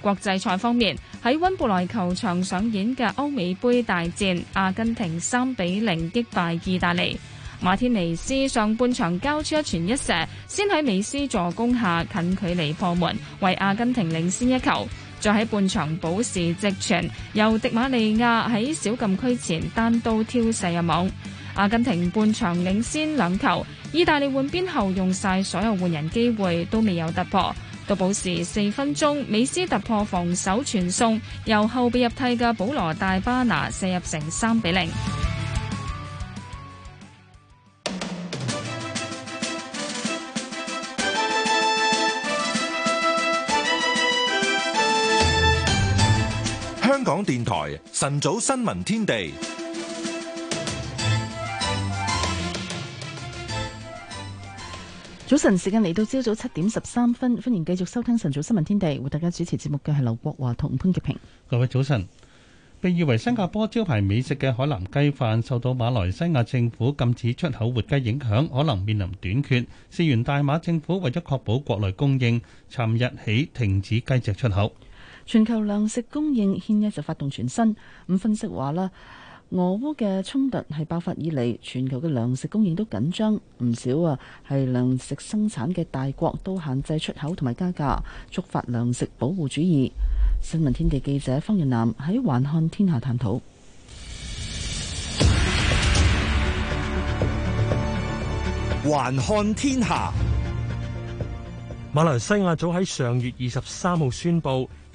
國際賽方面，喺温布萊球場上演嘅歐美杯大戰，阿根廷三比零擊敗意大利。馬天尼斯上半場交出一傳一射，先喺美斯助攻下近距離破門，為阿根廷領先一球。再喺半場補時直傳，由迪馬利亞喺小禁區前單刀挑射入網，阿根廷半場領先兩球。意大利換邊後用晒所有換人機會，都未有突破。到保時四分鐘，美斯突破防守傳送，由後備入替嘅保羅大巴拿射入成三比零。香港電台晨早新聞天地。早晨，時間嚟到朝早七點十三分，歡迎繼續收聽晨早新聞天地。為大家主持節目嘅係劉國華同潘潔平。各位早晨。被譽為新加坡招牌美食嘅海南雞飯，受到馬來西亞政府禁止出口活雞影響，可能面臨短缺。事源大馬政府為咗確保國內供應，尋日起停止雞隻出口。全球糧食供應牽一就發動全身。咁分析話啦。俄烏嘅衝突係爆發以嚟，全球嘅糧食供應都緊張，唔少啊係糧食生產嘅大國都限制出口同埋加價，觸發糧食保護主義。新聞天地記者方仁南喺《還看天下》探討。還看天下，馬來西亞早喺上月二十三號宣佈。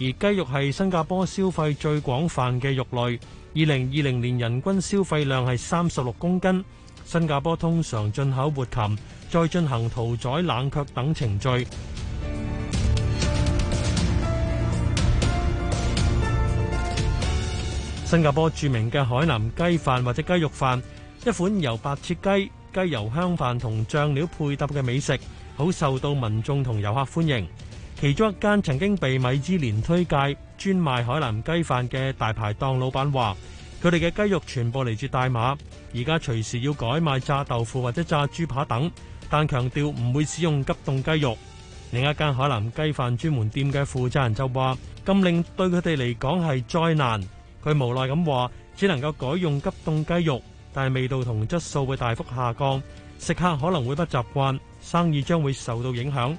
而雞肉係新加坡消費最廣泛嘅肉類，二零二零年人均消費量係三十六公斤。新加坡通常進口活禽，再進行屠宰、冷卻等程序。新加坡著名嘅海南雞飯或者雞肉飯，一款由白切雞、雞油香飯同醬料配搭嘅美食，好受到民眾同遊客歡迎。其中一間曾經被米芝蓮推介、專賣海南雞飯嘅大排檔老闆話：佢哋嘅雞肉全部嚟自大馬，而家隨時要改賣炸豆腐或者炸豬扒等，但強調唔會使用急凍雞肉。另一間海南雞飯專門店嘅負責人就話：禁令對佢哋嚟講係災難，佢無奈咁話，只能夠改用急凍雞肉，但係味道同質素會大幅下降，食客可能會不習慣，生意將會受到影響。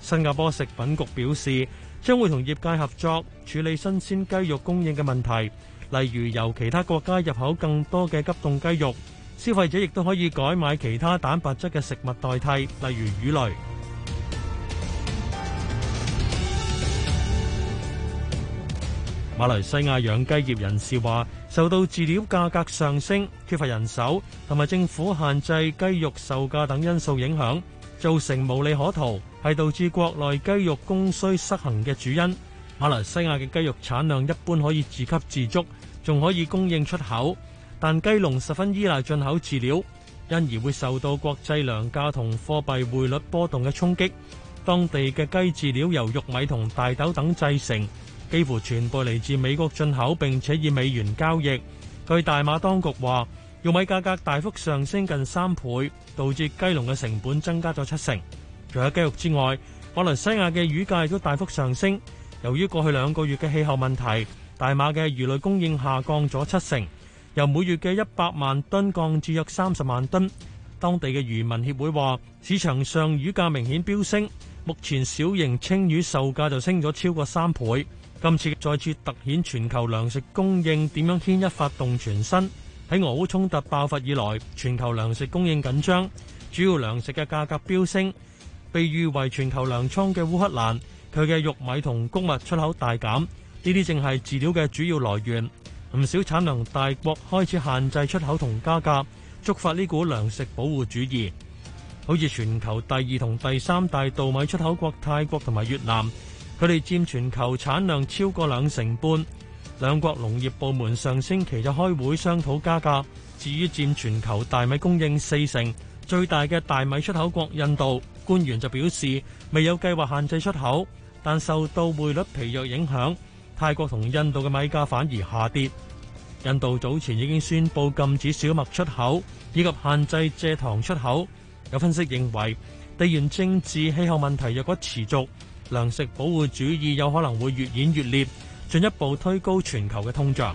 新加坡食品局表示，將會同業界合作處理新鮮雞肉供應嘅問題，例如由其他國家入口更多嘅急凍雞肉，消費者亦都可以改買其他蛋白質嘅食物代替，例如魚類。馬來西亞養雞業人士話，受到飼料價格上升、缺乏人手同埋政府限制雞肉售價等因素影響，造成無利可圖。係導致國內雞肉供需失衡嘅主因。馬來西亞嘅雞肉產量一般可以自給自足，仲可以供應出口，但雞農十分依賴進口飼料，因而會受到國際糧價同貨幣匯率波動嘅衝擊。當地嘅雞飼料由玉米同大豆等製成，幾乎全部嚟自美國進口，並且以美元交易。據大馬當局話，玉米價格大幅上升近三倍，導致雞農嘅成本增加咗七成。除咗雞肉之外，馬來西亞嘅魚價亦都大幅上升。由於過去兩個月嘅氣候問題，大馬嘅魚類供應下降咗七成，由每月嘅一百萬噸降至約三十萬噸。當地嘅漁民協會話，市場上魚價明顯飆升，目前小型青魚售價就升咗超過三倍。今次再次突顯全球糧食供應點樣牽一髮動全身。喺俄烏衝突爆發以來，全球糧食供應緊張，主要糧食嘅價格飆升。被譽為全球糧倉嘅烏克蘭，佢嘅玉米同穀物出口大減，呢啲正係飼料嘅主要來源。唔少產量大國開始限制出口同加價，觸發呢股糧食保護主義，好似全球第二同第三大稻米出口國泰國同埋越南，佢哋佔全球產量超過兩成半，兩國農業部門上星期就開會商討加價，至於佔全球大米供應四成，最大嘅大米出口國印度官員就表示，未有計劃限制出口，但受到匯率疲弱影響，泰國同印度嘅米價反而下跌。印度早前已經宣布禁止小麥出口以及限制蔗糖出口，有分析認為，地緣政治、氣候問題若果持續，糧食保護主義有可能會越演越烈，進一步推高全球嘅通脹。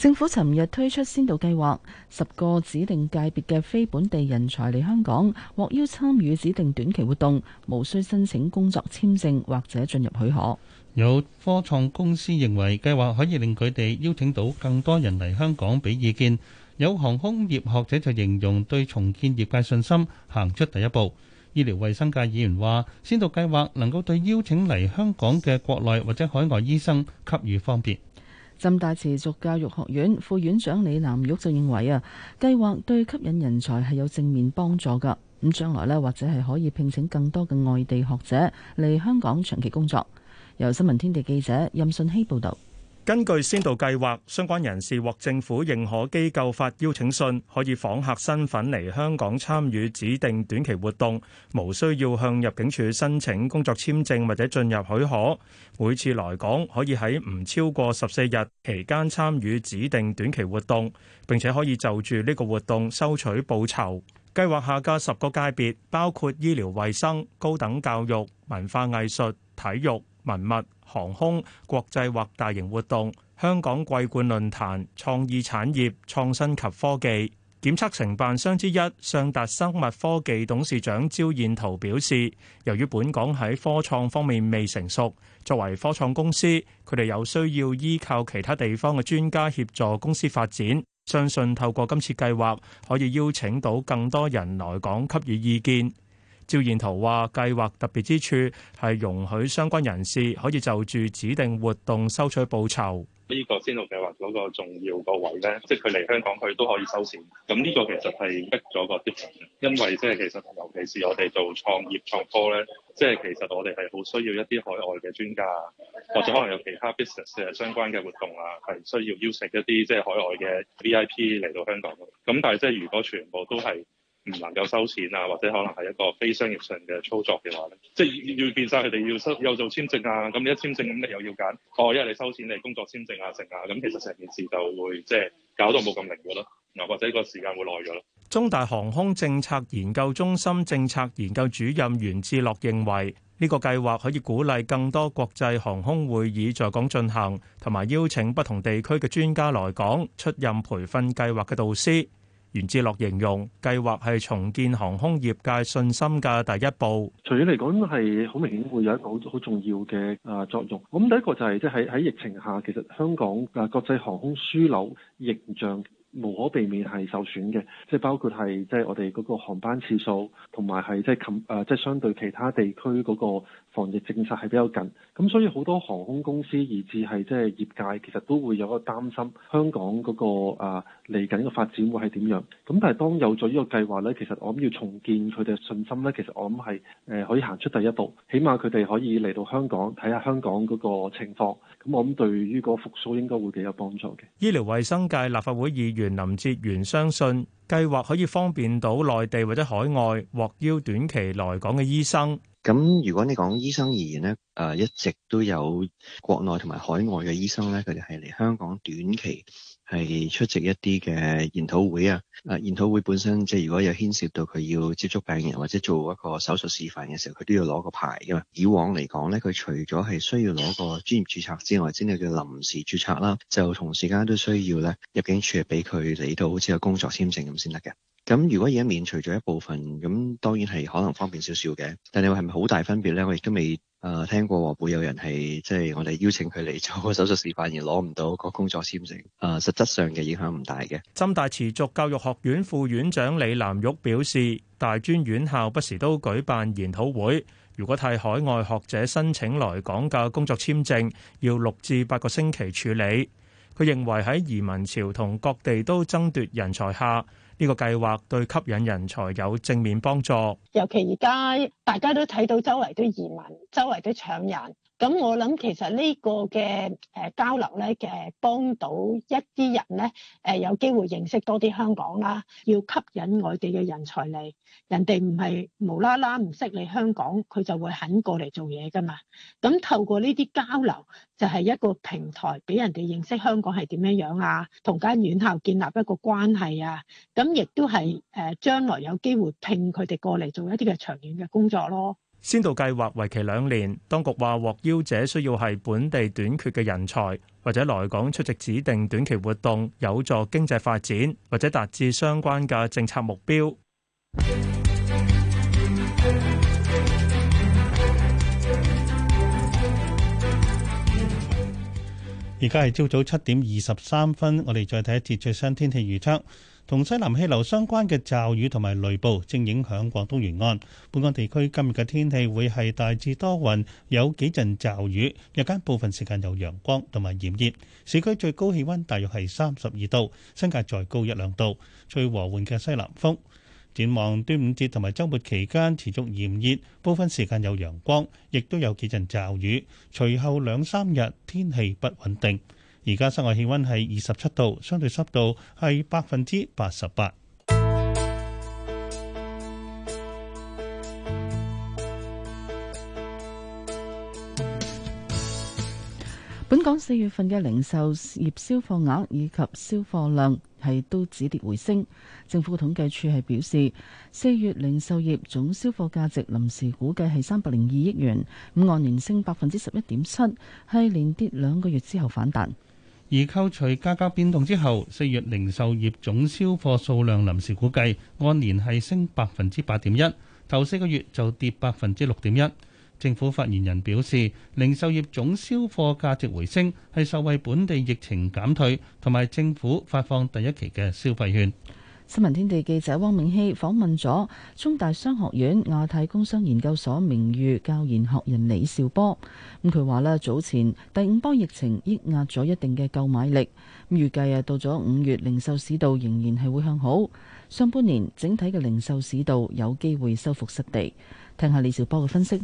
政府尋日推出先導計劃，十個指定界別嘅非本地人才嚟香港，獲邀參與指定短期活動，無需申請工作簽證或者進入許可。有科創公司認為計劃可以令佢哋邀請到更多人嚟香港俾意見。有航空業學者就形容對重建業界信心行出第一步。醫療衛生界議員話，先導計劃能夠對邀請嚟香港嘅國內或者海外醫生給予方便。浸大持續教育學院副院長李南玉就認為啊，計劃對吸引人才係有正面幫助㗎。咁將來呢，或者係可以聘請更多嘅外地學者嚟香港長期工作。由新聞天地記者任信希報導。根據先導計劃，相關人士獲政府認可機構發邀請信，可以訪客身份嚟香港參與指定短期活動，無需要向入境處申請工作簽證或者進入許可。每次來港可以喺唔超過十四日期間參與指定短期活動，並且可以就住呢個活動收取報酬。計劃下架十個界別，包括醫療衛生、高等教育、文化藝術、體育、文物、航空、國際或大型活動、香港桂冠論壇、創意產業、創新及科技。檢測承辦商之一尚達生物科技董事長焦燕桃表示，由於本港喺科創方面未成熟，作為科創公司，佢哋有需要依靠其他地方嘅專家協助公司發展。相信透過今次計劃，可以邀請到更多人來港給予意見。趙延圖話：計劃特別之處係容許相關人士可以就住指定活動收取報酬。呢個先導計劃嗰個重要個位咧，即係佢嚟香港佢都可以收錢。咁呢個其實係逼咗個市場，因為即係其實尤其是我哋做創業創科咧，即係其實我哋係好需要一啲海外嘅專家啊，或者可能有其他 business 誒相關嘅活動啊，係需要邀請一啲即係海外嘅 VIP 嚟到香港。咁但係即係，如果全部都係唔能夠收錢啊，或者可能係一個非商業上嘅操作嘅話，咧，即係要變曬，佢哋要收，又做簽證啊。咁一簽證咁，你又要揀哦，因為你收錢，你工作簽證啊，剩啊。咁其實成件事就會即係搞到冇咁靈活咯，然或者個時間會耐咗咯。中大航空政策研究中心政策研究主任袁志樂認為，呢個計劃可以鼓勵更多國際航空會議在港進行，同埋邀請不同地區嘅專家來港出任培訓計劃嘅導師。袁志樂形容計劃係重建航空業界信心嘅第一步。除咗嚟講，係好明顯會有一個好好重要嘅誒作用。咁第一個就係即係喺疫情下，其實香港誒國際航空樞紐形象無可避免係受損嘅，即係包括係即係我哋嗰個航班次數同埋係即係近誒即係相對其他地區嗰個。防疫政策係比較緊，咁所以好多航空公司，以至係即係業界，其實都會有一個擔心，香港嗰個啊嚟緊嘅發展會係點樣？咁但係當有咗呢個計劃咧，其實我諗要重建佢哋嘅信心咧，其實我諗係誒可以行出第一步，起碼佢哋可以嚟到香港睇下香港嗰個情況，咁我諗對於個復蘇應該會幾有幫助嘅。醫療衛生界立法會議員林哲源相信計劃可以方便到內地或者海外獲邀短期來港嘅醫生。咁如果你講醫生而言咧，誒、呃、一直都有國內同埋海外嘅醫生咧，佢哋係嚟香港短期。係出席一啲嘅研討會啊。啊，研討會本身即係如果有牽涉到佢要接觸病人或者做一個手術示範嘅時候，佢都要攞個牌噶嘛。以往嚟講咧，佢除咗係需要攞個專業注冊之外，先至叫臨時注冊啦，就同時間都需要咧入境處俾佢嚟到好似有工作簽證咁先得嘅。咁如果而家免除咗一部分，咁當然係可能方便少少嘅。但係話係咪好大分別咧？我亦都未。誒，聽過會有人係即係我哋邀請佢嚟做個手術示範，而攞唔到個工作簽證。誒、啊，實質上嘅影響唔大嘅。浸大持續教育學院副院長李南玉表示，大專院校不時都舉辦研討會。如果替海外學者申請來港嘅工作簽證，要六至八個星期處理。佢認為喺移民潮同各地都爭奪人才下，呢個計劃對吸引人才有正面幫助，尤其而家大家都睇到周圍都移民，周圍都搶人。咁我諗其實呢個嘅誒交流咧，誒幫到一啲人咧，誒有機會認識多啲香港啦。要吸引外地嘅人才嚟，人哋唔係無啦啦唔識你香港，佢就會肯過嚟做嘢㗎嘛。咁透過呢啲交流，就係一個平台俾人哋認識香港係點樣樣啊，同間院校建立一個關係啊。咁亦都係誒將來有機會聘佢哋過嚟做一啲嘅長遠嘅工作咯。先導計劃為期兩年，當局話獲邀者需要係本地短缺嘅人才，或者來港出席指定短期活動有助經濟發展，或者達至相關嘅政策目標。而家係朝早七點二十三分，我哋再睇一節最新天氣預測。同西南氣流相關嘅驟雨同埋雷暴正影響廣東沿岸。本港地區今日嘅天氣會係大致多雲，有幾陣驟雨。日間部分時間有陽光同埋炎熱。市區最高氣温大約係三十二度，新界再高一兩度。吹和緩嘅西南風。展望端午節同埋週末期間持續炎熱，部分時間有陽光，亦都有幾陣驟雨。隨後兩三日天氣不穩定。而家室外氣温係二十七度，相對濕度係百分之八十八。本港四月份嘅零售業銷貨額以及銷貨量係都止跌回升。政府統計處係表示，四月零售業總銷貨價值臨時估計係三百零二億元，咁按年升百分之十一點七，係連跌兩個月之後反彈。而扣除價格變動之後，四月零售業總銷貨數量臨時估計按年係升百分之八點一，頭四個月就跌百分之六點一。政府發言人表示，零售業總銷貨價值回升係受惠本地疫情減退同埋政府發放第一期嘅消費券。新聞天地記者汪明希訪問咗中大商學院亞太工商研究所名譽教研學人李兆波，咁佢話咧早前第五波疫情抑壓咗一定嘅購買力，咁預計啊到咗五月零售市道仍然係會向好，上半年整體嘅零售市道有機會收復失地，聽下李兆波嘅分析。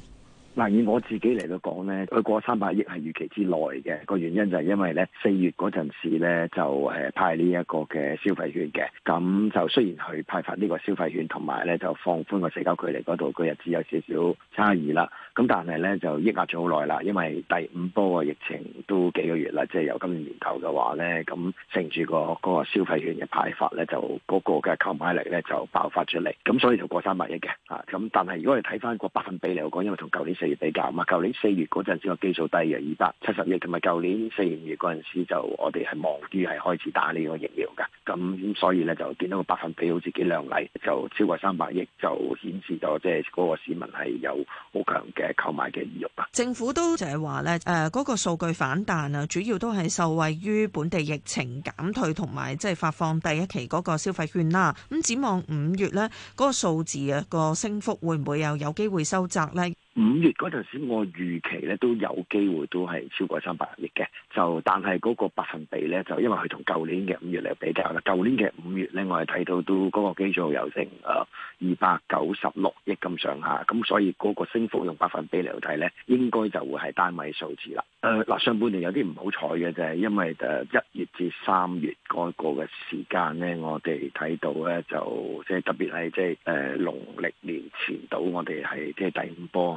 嗱，以我自己嚟到講咧，佢過三百億係預期之內嘅，個原因就係因為咧四月嗰陣時咧就誒派呢一個嘅消費券嘅，咁就雖然佢派發呢個消費券，同埋咧就放寬個社交距離嗰度，個日子有少少差異啦。咁但係咧就抑壓咗好耐啦，因為第五波嘅疫情都幾個月啦，即係由今年年頭嘅話咧，咁乘住個嗰、個、消費券嘅派發咧，就嗰、個嘅購買力咧就爆發出嚟，咁所以就過三百億嘅，啊咁。但係如果你睇翻個百分比嚟講，因為同舊年四月比較嘛，舊年四月嗰陣時個基數低嘅二百七十億，同埋舊年四月嗰陣時就我哋係忙於係開始打呢個疫苗嘅，咁所以咧就見到個百分比好似幾靚麗，就超過三百億，就顯示咗即係嗰個市民係有好強嘅。嘅購買嘅意欲啦，政府都就係話咧誒，嗰個數據反彈啊，主要都係受惠於本地疫情減退同埋即係發放第一期嗰個消費券啦。咁展望五月咧，嗰個數字啊，個升幅會唔會又有機會收窄咧？五月嗰陣時，我預期咧都有機會都係超過三百億嘅。就但係嗰個百分比咧，就因為佢同舊年嘅五月嚟比較，舊年嘅五月咧，我係睇到都嗰個基數有成啊二百九十六億咁上下。咁所以嗰個升幅用百分比嚟睇咧，應該就會係單位數字啦。誒、呃、嗱，上半年有啲唔好彩嘅就係因為誒一月至三月嗰個嘅時間咧，我哋睇到咧就即係特別係即係誒農曆年前到，我哋係即係第五波。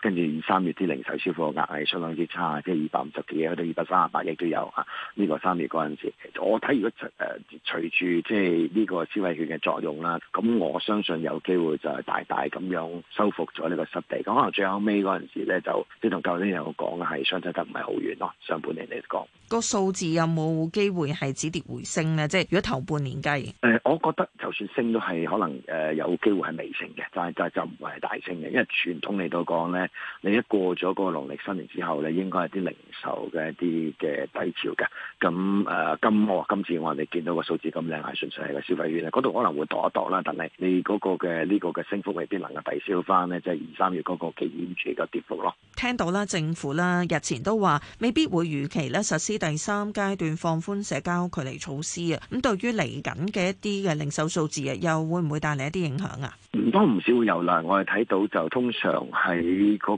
跟住三月啲零售消費額係相當之差，即係二百五十幾億，去到二百三十八億都有啊。呢個三月嗰陣時，我睇如果、呃、隨住即係呢個消費券嘅作用啦，咁我相信有機會就係大大咁樣收復咗呢個失地。咁可能最後尾嗰陣時咧，就即同舊年有講嘅係相差得唔係好遠咯。上半年嚟講，個數字有冇機會係止跌回升咧？即係如果頭半年計，誒、呃，我覺得就算升都係可能誒、呃、有機會係微升嘅，但係但係就唔係大升嘅，因為傳統嚟到講咧。你一過咗個農曆新年之後咧，應該係啲零售嘅一啲嘅低潮嘅。咁誒、呃，今、哦、今次我哋見到個數字咁靚，係純粹係個消費券嗰度可能會度一度啦。但係你嗰個嘅呢、呢個嘅升幅未必能夠抵消翻呢，即係二三月嗰個幾千嘅跌幅咯。聽到啦，政府啦日前都話未必會預期咧實施第三階段放寬社交距離措施啊。咁對於嚟緊嘅一啲嘅零售數字啊，又會唔會帶嚟一啲影響啊？唔多唔少會有啦。我哋睇到就通常喺～嗰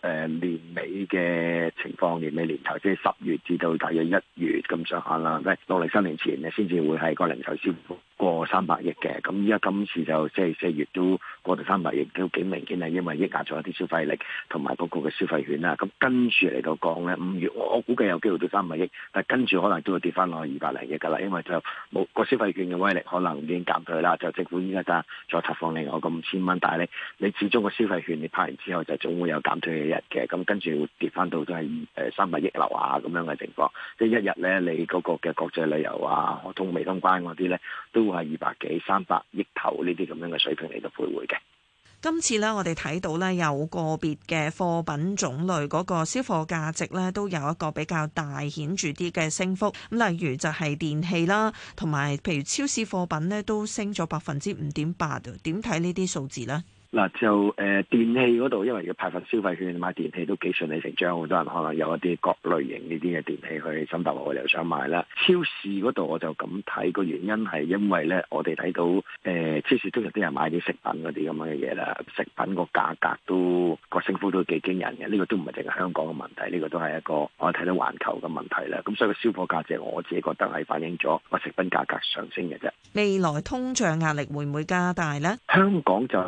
個年尾嘅情況，年尾年頭即係十月至到大約一月咁上下啦。喂，到嚟新年前咧，先至會係個零售超過三百億嘅。咁依家今次就即係四月都過到三百億，都幾明顯係因為抑壓咗一啲消費力同埋嗰個嘅消費券啦。咁跟住嚟到降咧，五月我估計有機會跌三百億，但係跟住可能都會跌翻落去二百零億㗎啦，因為就冇個消費券嘅威力可能已經減退啦。就政府依家得再投放另外個五千蚊，但係你你始終個消費券你派完之後就總會有減退嘅日嘅，咁跟住會跌翻到都係誒三百億流啊咁樣嘅情況，即係一日咧，你嗰個嘅國際旅遊啊，通未通關嗰啲咧，都係二百幾三百億頭呢啲咁樣嘅水平嚟到徘徊嘅。今次咧，我哋睇到咧有個別嘅貨品種類嗰個銷貨價值咧，都有一個比較大顯著啲嘅升幅。咁例如就係電器啦，同埋譬如超市貨品咧，都升咗百分之五點八度。點睇呢啲數字咧？嗱、嗯、就誒、呃、電器嗰度，因為要派發消費券買電器都幾順理成章，好多人可能有一啲各類型呢啲嘅電器去深大我又想買啦。超市嗰度我就咁睇，個原因係因為咧，我哋睇到誒、呃、超市都有啲人買啲食品嗰啲咁樣嘅嘢啦，食品個價格都個升幅都幾驚人嘅。呢、這個都唔係淨係香港嘅問題，呢、這個都係一個我睇到環球嘅問題啦。咁所以個銷貨價值我自己覺得係反映咗個食品價格上升嘅啫。未來通脹壓力會唔會加大咧？香港就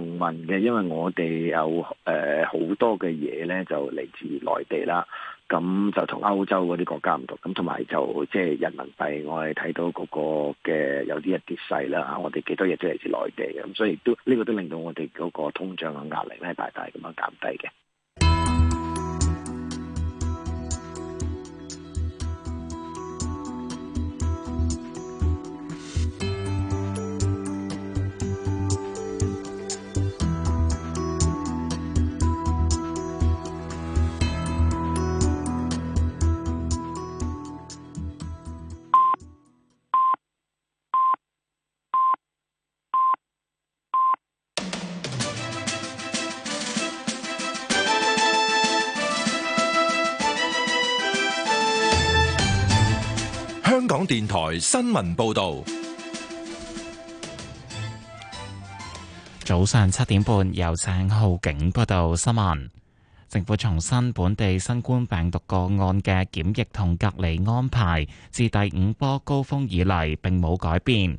同嘅，因為我哋有誒好、呃、多嘅嘢咧，就嚟自內地啦，咁就同歐洲嗰啲國家唔同，咁同埋就即係、就是、人民幣我，我哋睇到嗰個嘅有啲一啲細啦，嚇，我哋幾多嘢都嚟自內地，嘅。咁所以都呢、這個都令到我哋嗰個通脹嘅壓力咧，大大咁樣減低嘅。港電台新聞報道，早上七點半由鄭浩景報道新聞。政府重申本地新冠病毒個案嘅檢疫同隔離安排，自第五波高峰以嚟，並冇改變。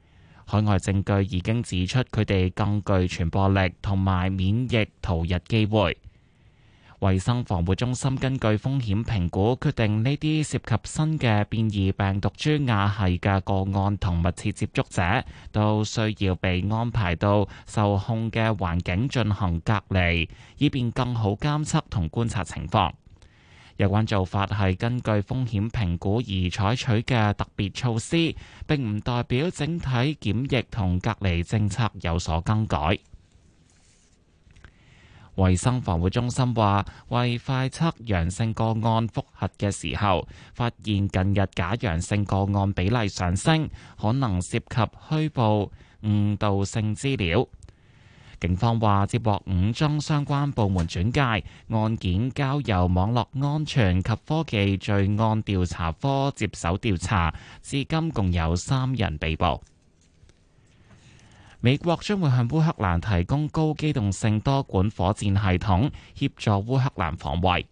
海外證據已經指出，佢哋更具傳播力同埋免疫逃逸機會。衞生防護中心根據風險評估，決定呢啲涉及新嘅變異病毒株亞系嘅個案同密切接觸者，都需要被安排到受控嘅環境進行隔離，以便更好監測同觀察情況。有關做法係根據風險評估而採取嘅特別措施，並唔代表整體檢疫同隔離政策有所更改。衞 生防護中心話，為快測陽性個案複核嘅時候，發現近日假陽性個案比例上升，可能涉及虛報、誤導性資料。警方話接獲五宗相關部門轉介案件，交由網絡安全及科技罪案調查科接手調查。至今共有三人被捕。美國將會向烏克蘭提供高機動性多管火箭系統，協助烏克蘭防衛。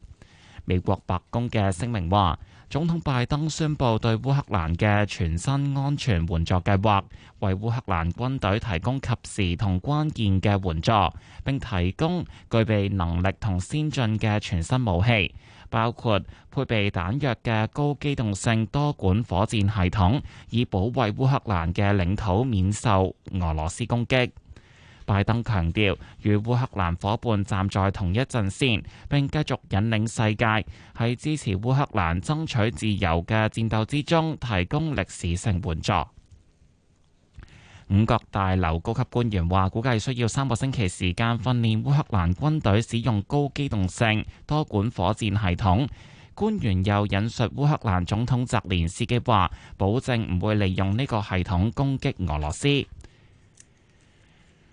美國白宮嘅聲明話。總統拜登宣布對烏克蘭嘅全新安全援助計劃，為烏克蘭軍隊提供及時同關鍵嘅援助，並提供具備能力同先進嘅全新武器，包括配備彈藥嘅高機動性多管火箭系統，以保衛烏克蘭嘅領土免受俄羅斯攻擊。拜登強調與烏克蘭夥伴站在同一陣線，並繼續引領世界喺支持烏克蘭爭取自由嘅戰鬥之中提供歷史性援助。五角大樓高級官員話，估計需要三個星期時間訓練烏克蘭軍隊使用高機動性多管火箭系統。官員又引述烏克蘭總統澤連斯基話，保證唔會利用呢個系統攻擊俄羅斯。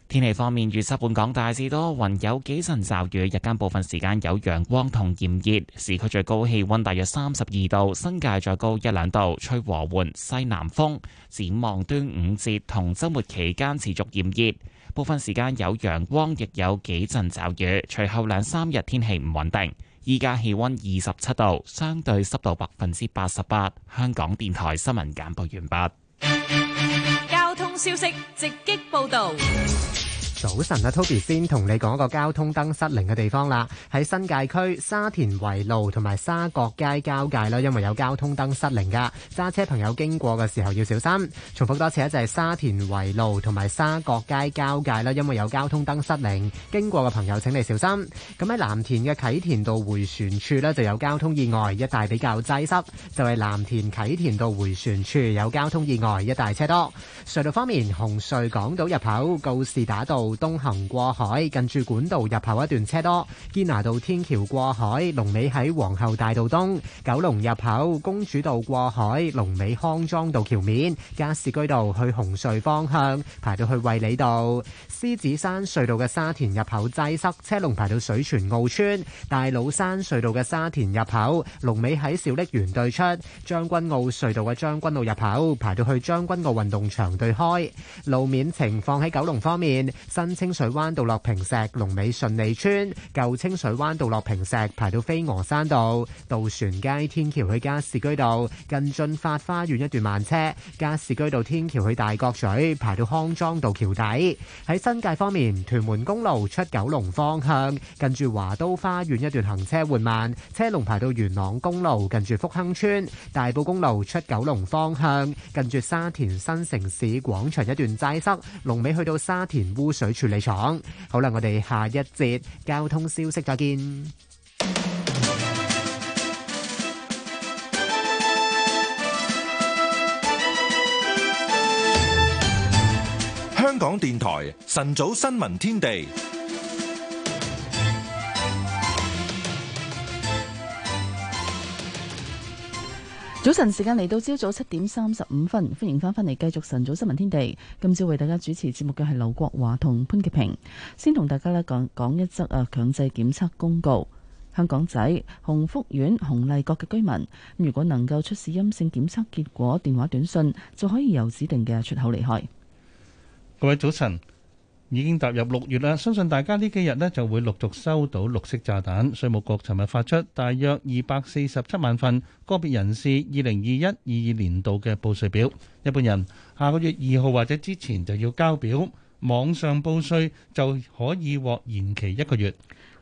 天氣方面，預測本港大致多雲，有幾陣驟雨，日間部分時間有陽光同炎熱，市區最高氣溫大約三十二度，新界再高一兩度，吹和緩西南風，展望端午節同週末期間持續炎熱，部分時間有陽光，亦有幾陣驟雨，隨後兩三日天氣唔穩定，依家氣溫二十七度，相對濕度百分之八十八。香港電台新聞簡報完畢。交通消息直擊報道。早晨啊，Toby 先同你講一個交通燈失靈嘅地方啦，喺新界區沙田圍路同埋沙角街交界啦，因為有交通燈失靈噶，揸車朋友經過嘅時候要小心。重複多次啦，就係沙田圍路同埋沙角街交界啦，因為有交通燈失靈，經過嘅朋友請你小心。咁喺藍田嘅啟田道回旋處呢就有交通意外，一帶比較擠塞，就係藍田啟田道回旋處有交通意外，一帶車多。隧道方面，紅隧港島入口告士打道。東行過海，近住管道入口一段車多；堅拿道天橋過海，龍尾喺皇后大道東九龍入口；公主道過海，龍尾康莊道橋面；加士居道去紅隧方向，排到去衛理道；獅子山隧道嘅沙田入口擠塞，車龍排到水泉澳村；大老山隧道嘅沙田入口，龍尾喺小瀝源對出；將軍澳隧道嘅將軍澳入口，排到去將軍澳運動場對開。路面情況喺九龍方面。新清水灣到樂平石，龍尾順利村，舊清水灣到樂平石，排到飛鵝山道，渡船街天橋去加士居道，近駿發花園一段慢車，加士居道天橋去大角咀，排到康莊道橋底。喺新界方面，屯門公路出九龍方向，近住華都花園一段行車緩慢，車龍排到元朗公路，近住福亨村，大埔公路出九龍方向，近住沙田新城市廣場一段擠塞，龍尾去到沙田污水，水處理廠，好喇，我哋下一節交通消息。再見。香港電台晨早新聞天地。早晨時間嚟到朝早七點三十五分，歡迎翻返嚟繼續晨早新聞天地。今朝為大家主持節目嘅係劉國華同潘潔平，先同大家咧講講一則啊強制檢測公告。香港仔、紅福苑、紅麗閣嘅居民，如果能夠出示陰性檢測結果電話短信，就可以由指定嘅出口離開。各位早晨。已經踏入六月啦，相信大家呢幾日呢就會陸續收到綠色炸彈。稅務局尋日發出大約二百四十七萬份個別人士二零二一二二年度嘅報稅表，一般人下個月二號或者之前就要交表，網上報稅就可以獲延期一個月。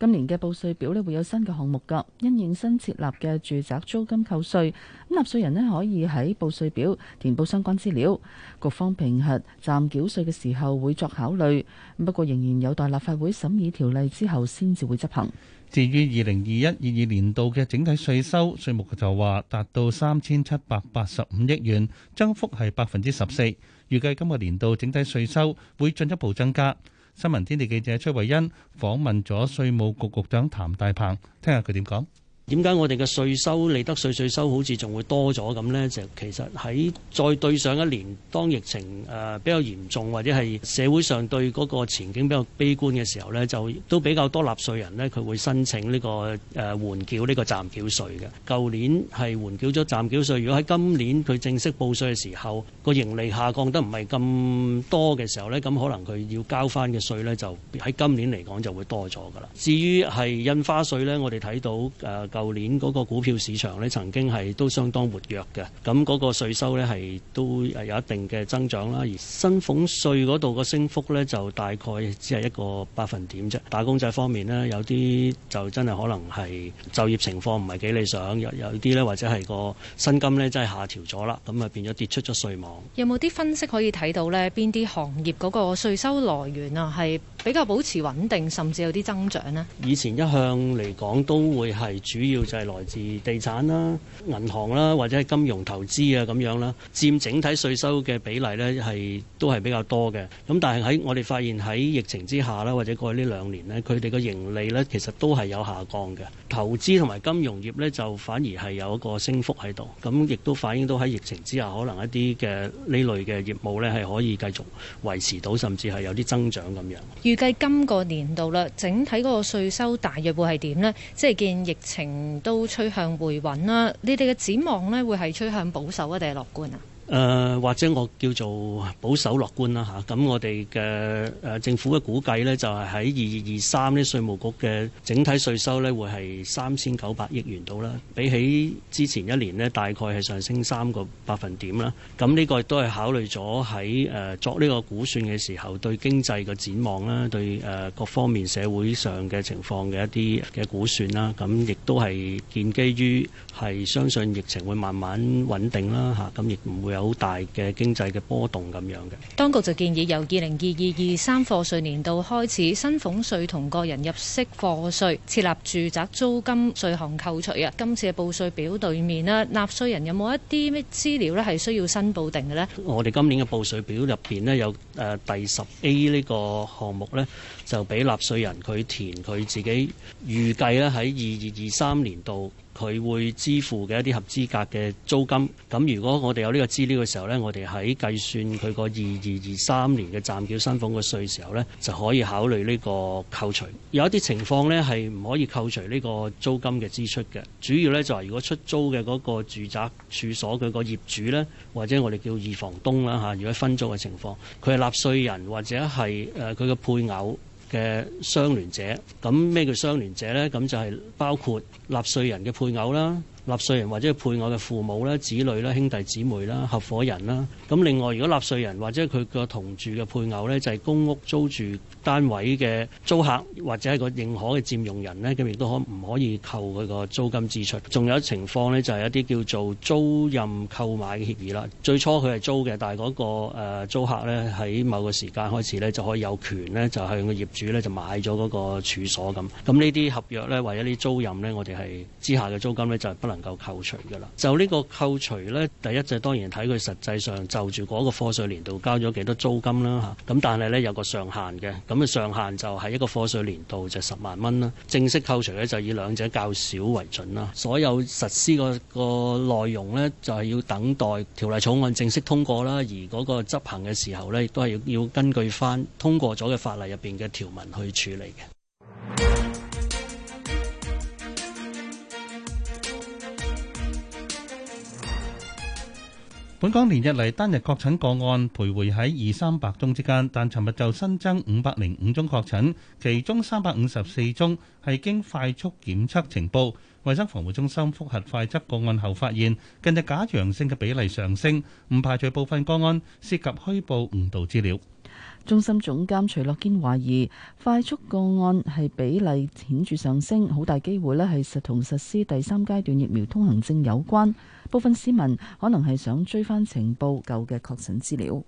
今年嘅報稅表呢會有新嘅項目噶，因應新設立嘅住宅租金扣稅，咁納稅人呢可以喺報稅表填報相關資料，局方評核暫繳稅嘅時候會作考慮。不過仍然有待立法會審議條例之後先至會執行。至於二零二一、二二年度嘅整體稅收稅目，就話達到三千七百八十五億元，增幅係百分之十四，預計今個年度整體稅收會進一步增加。新聞天地記者崔慧欣訪問咗稅務局局長譚大鵬，聽下佢點講。點解我哋嘅稅收利得稅，稅收好似仲會多咗咁呢？就其實喺再對上一年，當疫情誒比較嚴重，或者係社會上對嗰個前景比較悲觀嘅時候呢，就都比較多納稅人呢，佢會申請呢、呢個誒、呃、緩繳呢、呢個暫繳稅嘅。舊年係緩繳咗暫繳稅，如果喺今年佢正式報稅嘅時候，個盈利下降得唔係咁多嘅時候呢，咁可能佢要交翻嘅稅呢，就喺今年嚟講就會多咗噶啦。至於係印花稅呢，我哋睇到誒。呃舊年嗰個股票市場呢，曾經係都相當活躍嘅，咁嗰個稅收呢，係都有一定嘅增長啦。而薪俸稅嗰度個升幅呢，就大概只係一個百分點啫。打工仔方面呢，有啲就真係可能係就業情況唔係幾理想，有有啲呢，或者係個薪金呢，真係下調咗啦，咁啊變咗跌出咗稅網。有冇啲分析可以睇到呢？邊啲行業嗰個稅收來源啊係比較保持穩定，甚至有啲增長呢。以前一向嚟講，都會係主要就係來自地產啦、銀行啦，或者係金融投資啊咁樣啦，佔整體稅收嘅比例呢，係都係比較多嘅。咁但係喺我哋發現喺疫情之下啦，或者過去呢兩年呢，佢哋嘅盈利呢，其實都係有下降嘅。投資同埋金融業呢，就反而係有一個升幅喺度，咁亦都反映到喺疫情之下，可能一啲嘅呢類嘅業務呢，係可以繼續維持到，甚至係有啲增長咁樣。預計今個年度啦，整體嗰個稅收大約會係點呢？即係見疫情都趨向回穩啦、啊，你哋嘅展望咧會係趨向保守啊定係樂觀啊？誒、呃、或者我叫做保守樂觀啦吓，咁、啊、我哋嘅誒政府嘅估計咧，就係喺二二二三呢，稅務局嘅整體稅收咧會係三千九百億元到啦，比起之前一年咧，大概係上升三個百分點啦。咁、啊、呢個亦都係考慮咗喺誒作呢個估算嘅時候，對經濟嘅展望啦、啊，對誒、啊、各方面社會上嘅情況嘅一啲嘅估算啦。咁、啊、亦都係建基於係相信疫情會慢慢穩定啦吓，咁亦唔會，有大嘅經濟嘅波動咁樣嘅，當局就建議由二零二二二三課稅年度開始，薪俸稅同個人入息課稅設立住宅租金稅項扣除嘅。今次嘅報稅表對面啦，納稅人有冇一啲咩資料呢？係需要申報定嘅呢？我哋今年嘅報稅表入邊呢，有誒第十 A 呢個項目呢，就俾納稅人佢填佢自己預計呢，喺二二二三年度，佢會支付嘅一啲合資格嘅租金，咁如果我哋有呢個資料嘅時候呢，我哋喺計算佢個二二二三年嘅暫繳薪俸嘅稅的時候呢，就可以考慮呢個扣除。有一啲情況呢係唔可以扣除呢個租金嘅支出嘅，主要呢就係如果出租嘅嗰個住宅處所佢個業主呢，或者我哋叫二房東啦吓、啊，如果分租嘅情況，佢係納稅人或者係誒佢嘅配偶。嘅相聯者，咁咩叫相聯者咧？咁就係包括納稅人嘅配偶啦。納稅人或者配偶嘅父母咧、子女咧、兄弟姊妹啦、合伙人啦，咁另外如果納稅人或者佢個同住嘅配偶呢，就係公屋租住單位嘅租客或者係個認可嘅佔用人呢，咁亦都可唔可以扣佢個租金支出？仲有情況呢，就係一啲叫做租賃購買嘅協議啦。最初佢係租嘅，但係嗰個誒租客呢，喺某個時間開始呢，就可以有權呢，就向個業主呢就買咗嗰個處所咁。咁呢啲合約咧，或者啲租賃呢，我哋係之下嘅租金呢，就係不能能夠扣除噶啦，就呢個扣除呢，第一就當然睇佢實際上就住嗰個課稅年度交咗幾多租金啦吓，咁但係呢，有個上限嘅，咁啊上限就係一個課稅年度就十萬蚊啦。正式扣除呢，就以兩者較少為準啦。所有實施個個內容呢，就係要等待條例草案正式通過啦，而嗰個執行嘅時候呢，亦都係要要根據翻通過咗嘅法例入邊嘅條文去處理嘅。本港連日嚟單日確診個案徘徊喺二三百宗之間，但尋日就新增五百零五宗確診，其中三百五十四宗係經快速檢測呈報，衞生防護中心複核快測個案後發現，近日假陽性嘅比例上升，唔排除部分個案涉及虛報誤導資料。中心總監徐樂堅懷疑快速個案係比例顯著上升，好大機會咧係實同實施第三階段疫苗通行證有關。部分市民可能係想追翻情報舊嘅確診資料。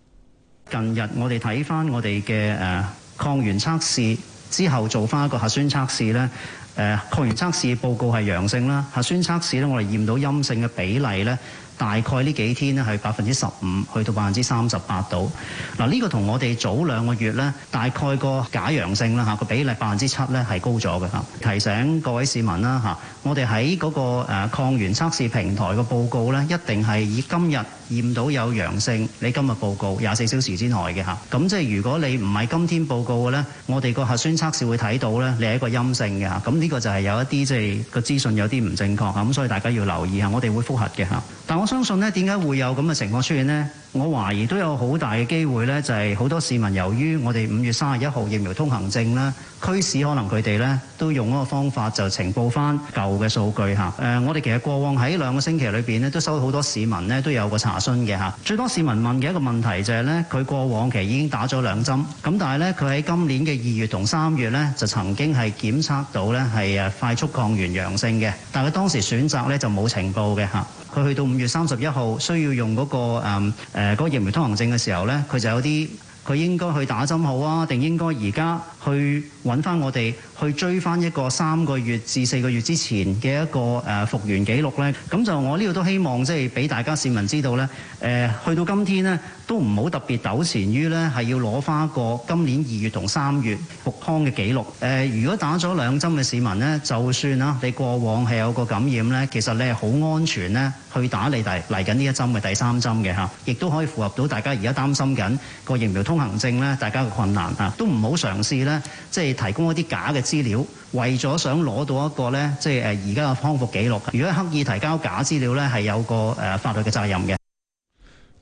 近日我哋睇翻我哋嘅誒抗原測試之後做翻一個核酸測試呢。誒、呃、抗原測試報告係陽性啦，核酸測試呢我哋驗到陰性嘅比例呢。大概呢幾天咧係百分之十五去到百分之三十八度嗱。呢個同我哋早兩個月呢，大概個假陽性啦嚇個比例百分之七呢，係高咗嘅嚇。提醒各位市民啦嚇，我哋喺嗰個抗原測試平台個報告呢，一定係以今日驗到有陽性，你今日報告廿四小時之內嘅嚇。咁即係如果你唔係今天報告嘅呢，我哋個核酸測試會睇到呢，你係一個陰性嘅。咁呢個就係有一啲即係個資訊有啲唔正確嚇，咁所以大家要留意下，我哋會複核嘅嚇。但我相信咧，點解會有咁嘅情況出現咧？我懷疑都有好大嘅機會咧，就係好多市民由於我哋五月三十一號疫苗通行證咧，驅使可能佢哋咧都用嗰個方法就呈報翻舊嘅數據嚇。誒，我哋其實過往喺兩個星期裏邊咧，都收到好多市民咧都有個查詢嘅嚇。最多市民問嘅一個問題就係咧，佢過往其實已經打咗兩針，咁但係咧佢喺今年嘅二月同三月咧就曾經係檢測到咧係誒快速抗原陽性嘅，但係當時選擇咧就冇呈報嘅嚇。佢去到五月三十一號需要用嗰個誒誒。誒，嗰個疫苗通行證嘅時候咧，佢就有啲，佢應該去打針好啊，定應該而家去揾翻我哋，去追翻一個三個月至四個月之前嘅一個誒復原記錄咧，咁就我呢度都希望即係俾大家市民知道咧，誒、呃、去到今天呢，都唔好特別糾纏於咧係要攞翻一個今年二月同三月復康嘅記錄。誒、呃、如果打咗兩針嘅市民呢，就算啦、啊，你過往係有個感染咧，其實你係好安全咧去打你第嚟緊呢一針嘅第三針嘅嚇，亦、啊、都可以符合到大家而家擔心緊個疫苗通行證咧，大家嘅困難嚇、啊，都唔好嘗試咧即係提供一啲假嘅。資料為咗想攞到一個呢，即係誒而家嘅康復記錄。如果刻意提交假資料呢，係有個誒法律嘅責任嘅。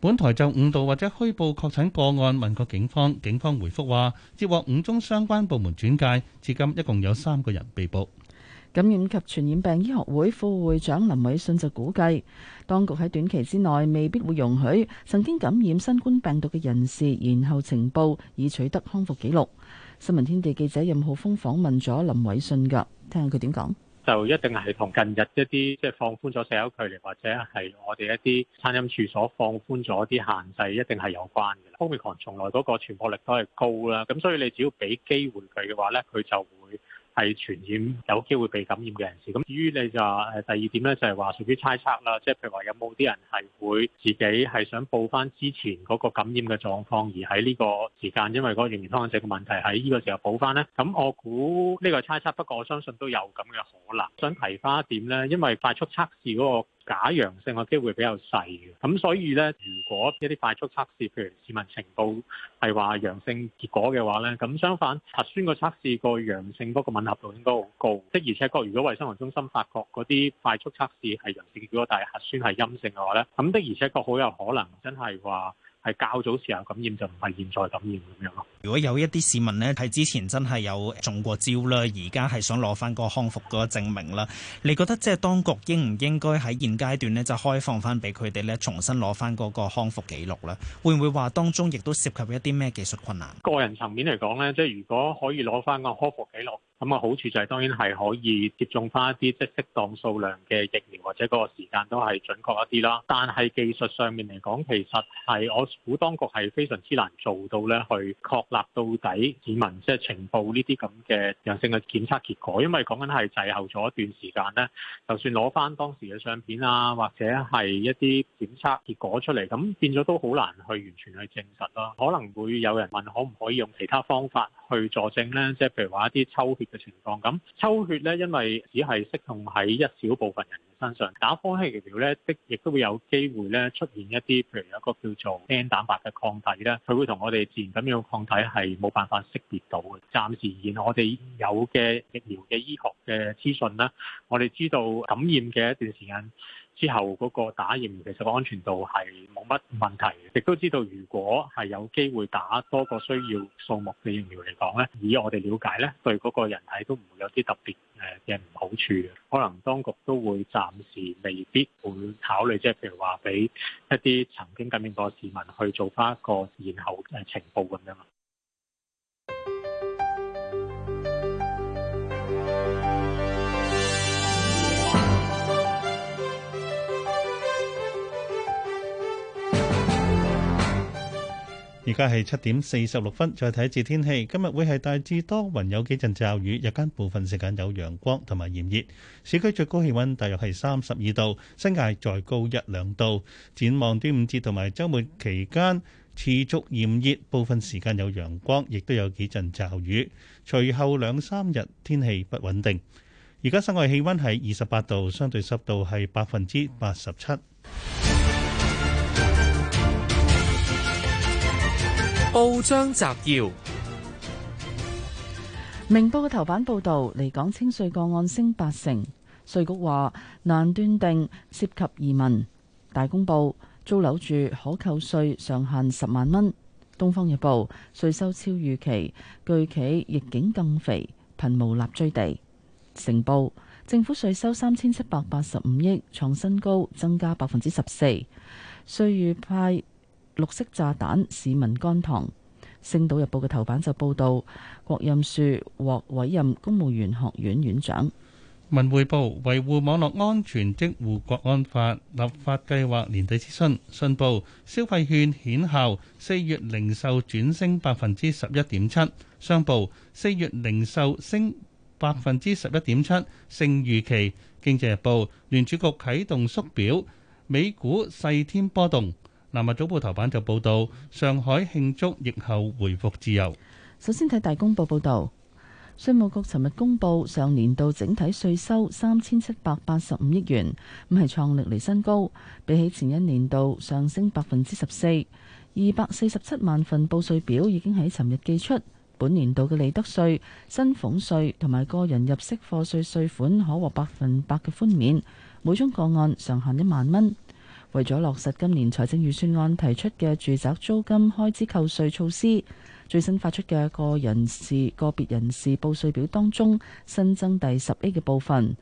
本台就誤導或者虛報確診個案問過警方，警方回覆話接獲五宗相關部門轉介，至今一共有三個人被捕。感染及傳染病醫學會副會長林偉信就估計，當局喺短期之內未必會容許曾經感染新冠病毒嘅人士，然後呈報以取得康復記錄。新聞天地記者任浩峰訪問咗林偉信噶，聽下佢點講。就一定係同近日一啲即係放寬咗社交距離，或者係我哋一啲餐飲處所放寬咗啲限制，一定係有關噶。Omicron 從來嗰個傳播力都係高啦，咁所以你只要俾機會佢嘅話咧，佢就會。係傳染有機會被感染嘅人士，咁至於你就誒第二點咧，就係、是、話屬於猜測啦，即係譬如話有冇啲人係會自己係想報翻之前嗰個感染嘅狀況，而喺呢個時間，因為嗰個疫苗通行證嘅問題喺呢個時候報翻咧，咁我估呢個猜測，不過我相信都有咁嘅可能。想提翻一點咧，因為快速測試嗰、那個。假陽性嘅機會比較細嘅，咁所以呢，如果一啲快速測試，譬如市民呈報係話陽性結果嘅話呢，咁相反核酸個測試個陽性嗰個吻合度應該好高，的而且確，如果衞生防中心發覺嗰啲快速測試係陽性結果，但係核酸係陰性嘅話呢，咁的而且確好有可能真係話。係較早時候感染就唔係現在感染咁樣咯。如果有一啲市民呢，喺之前真係有中過招啦，而家係想攞翻個康復嗰個證明啦，你覺得即係當局應唔應該喺現階段呢就開放翻俾佢哋呢，重新攞翻嗰個康復記錄呢？會唔會話當中亦都涉及一啲咩技術困難？個人層面嚟講呢，即係如果可以攞翻個康復記錄。咁啊好處就係、是，當然係可以接種翻一啲即係適當數量嘅疫苗，或者嗰個時間都係準確一啲啦。但係技術上面嚟講，其實係我估當局係非常之難做到咧，去確立到底市民即係、就是，呈報呢啲咁嘅陽性嘅檢測結果，因為講緊係滯後咗一段時間咧，就算攞翻當時嘅相片啊，或者係一啲檢測結果出嚟，咁變咗都好難去完全去證實咯。可能會有人問可唔可以用其他方法去佐證咧？即係譬如話一啲抽血嘅情況，咁抽血咧，因為只係適用喺一小部分人身上；打科興疫苗咧，的亦都會有機會咧出現一啲，譬如有一個叫做 N, N 蛋白嘅抗體咧，佢會同我哋自然感染抗體係冇辦法識別到嘅。暫時而言，我哋有嘅疫苗嘅醫學嘅資訊啦，我哋知道感染嘅一段時間。之後嗰個打疫苗其實個安全度係冇乜問題，亦都知道如果係有機會打多個需要數目嘅疫苗嚟講咧，以我哋了解咧，對嗰個人體都唔會有啲特別誒嘅唔好處嘅，可能當局都會暫時未必會考慮，即係譬如話俾一啲曾經感染過嘅市民去做翻一個然後嘅情報咁樣。而家係七點四十六分，再睇一次天氣。今日會係大致多雲，雲有幾陣驟雨，日間部分時間有陽光同埋炎熱。市區最高氣温大約係三十二度，新界再高一兩度。展望端午節同埋週末期間，持續炎熱，部分時間有陽光，亦都有幾陣驟雨。隨後兩三日，天氣不穩定。而家室外氣温係二十八度，相對濕度係百分之八十七。報章摘要：明報嘅頭版報道，離港清稅個案升八成，稅局話難斷定涉及移民。大公報租樓住可扣稅上限十萬蚊。東方日報稅收超預期，巨企逆境更肥，貧無立錐地。成報政府稅收三千七百八十五億，創新高，增加百分之十四。稅預派。綠色炸彈，市民乾塘。《星島日報》嘅頭版就報道郭任樹獲委任公務員學院院長。《文匯報》維護網絡安全，即護國安法立法計劃年底諮詢。信報消費券顯效，四月零售轉升百分之十一點七。商報四月零售升百分之十一點七，勝預期。《經濟日報》聯儲局啟動縮表，美股勢添波動。《南華早報》頭版就報道，上海慶祝疫後回復自由。首先睇大公報報導，稅務局尋日公布上年度整體稅收三千七百八十五億元，咁係創歷嚟新高，比起前一年度上升百分之十四。二百四十七萬份報稅表已經喺尋日寄出，本年度嘅利得稅、薪俸稅同埋個人入息課稅稅，稅款可獲百分百嘅寬免，每宗個案上限一萬蚊。為咗落實今年財政預算案提出嘅住宅租金開支扣稅措施，最新發出嘅個人事個別人士報稅表當中新增第十一嘅部分，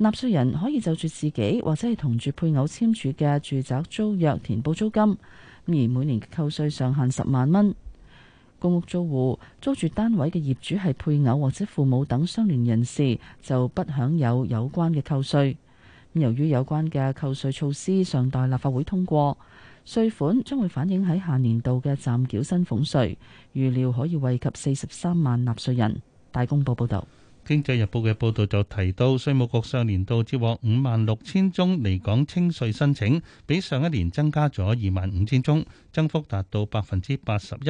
納稅人可以就住自己或者係同住配偶簽署嘅住宅租約填報租金，而每年嘅扣稅上限十萬蚊。公屋租戶租住單位嘅業主係配偶或者父母等相聯人士，就不享有有關嘅扣稅。由於有關嘅扣稅措施尚待立法會通過，稅款將會反映喺下年度嘅暫繳薪俸稅，預料可以惠及四十三萬納稅人。大公報報導，《經濟日報》嘅報導就提到，稅務局上年度接獲五萬六千宗離港清稅申請，比上一年增加咗二萬五千宗，增幅達到百分之八十一。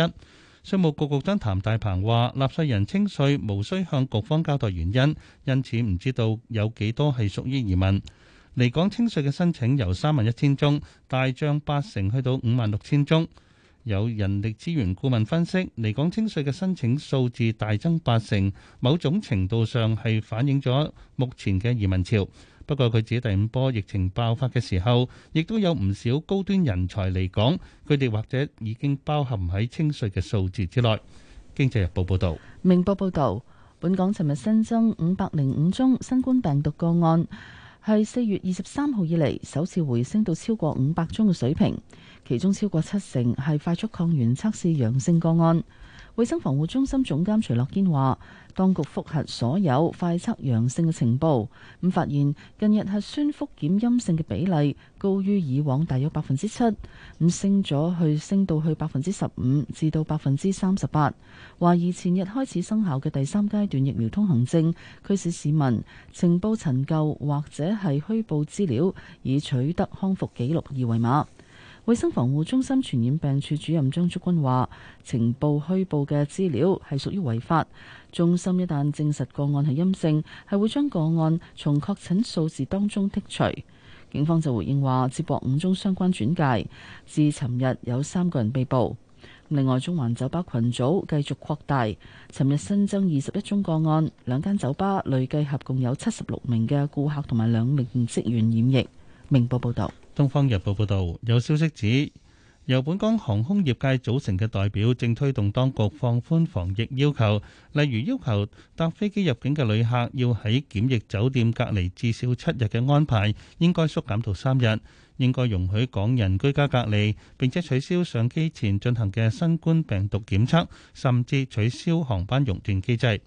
稅務局局長譚大鵬話：納稅人清稅無需向局方交代原因，因此唔知道有幾多係屬於移民。離港清稅嘅申請由三萬一千宗大漲八成，去到五萬六千宗。有人力資源顧問分析，離港清稅嘅申請數字大增八成，某種程度上係反映咗目前嘅移民潮。不過，佢指第五波疫情爆發嘅時候，亦都有唔少高端人才嚟港，佢哋或者已經包含喺清稅嘅數字之內。經濟日報報道：「明報報道，本港尋日新增五百零五宗新冠病毒個案。係四月二十三號以嚟首次回升到超過五百宗嘅水平，其中超過七成係快速抗原測試陽性個案。衛生防護中心總監徐樂堅話，當局復核所有快測陽性嘅情報，咁發現近日核酸復檢陰性嘅比例高於以往，大約百分之七，咁升咗去升到去百分之十五至到百分之三十八。懷疑前日開始生效嘅第三階段疫苗通行證，驅使市民情報陳舊或者係虛報資料，以取得康復記錄二維碼。衛生防護中心傳染病處主任張竹君話：情報虛報嘅資料係屬於違法。中心一旦證實個案係陰性，係會將個案從確診數字當中剔除。警方就回應話：接獲五宗相關轉介，至尋日有三個人被捕。另外，中環酒吧群組繼續擴大，尋日新增二十一宗個案，兩間酒吧累計合共有七十六名嘅顧客同埋兩名職員染疫。明報報道。《東方日報》報導，有消息指，由本港航空業界組成嘅代表正推動當局放寬防疫要求，例如要求搭飛機入境嘅旅客要喺檢疫酒店隔離至少七日嘅安排，應該縮減到三日；應該容許港人居家隔離，並且取消上機前進行嘅新冠病毒檢測，甚至取消航班熔斷機制。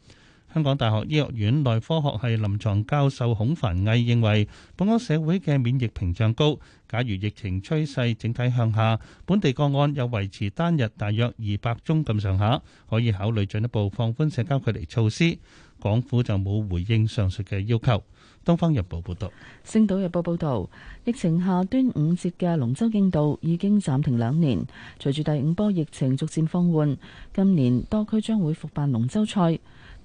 香港大學醫學院內科學系臨床教授孔凡毅認為，本港社會嘅免疫屏障高，假如疫情趨勢整體向下，本地個案又維持單日大約二百宗咁上下，可以考慮進一步放寬社交距離措施。港府就冇回應上述嘅要求。《東方日報》報道，《星島日報》報道，疫情下端午節嘅龍舟競渡已經暫停兩年，隨住第五波疫情逐漸放緩，今年多區將會復辦龍舟賽。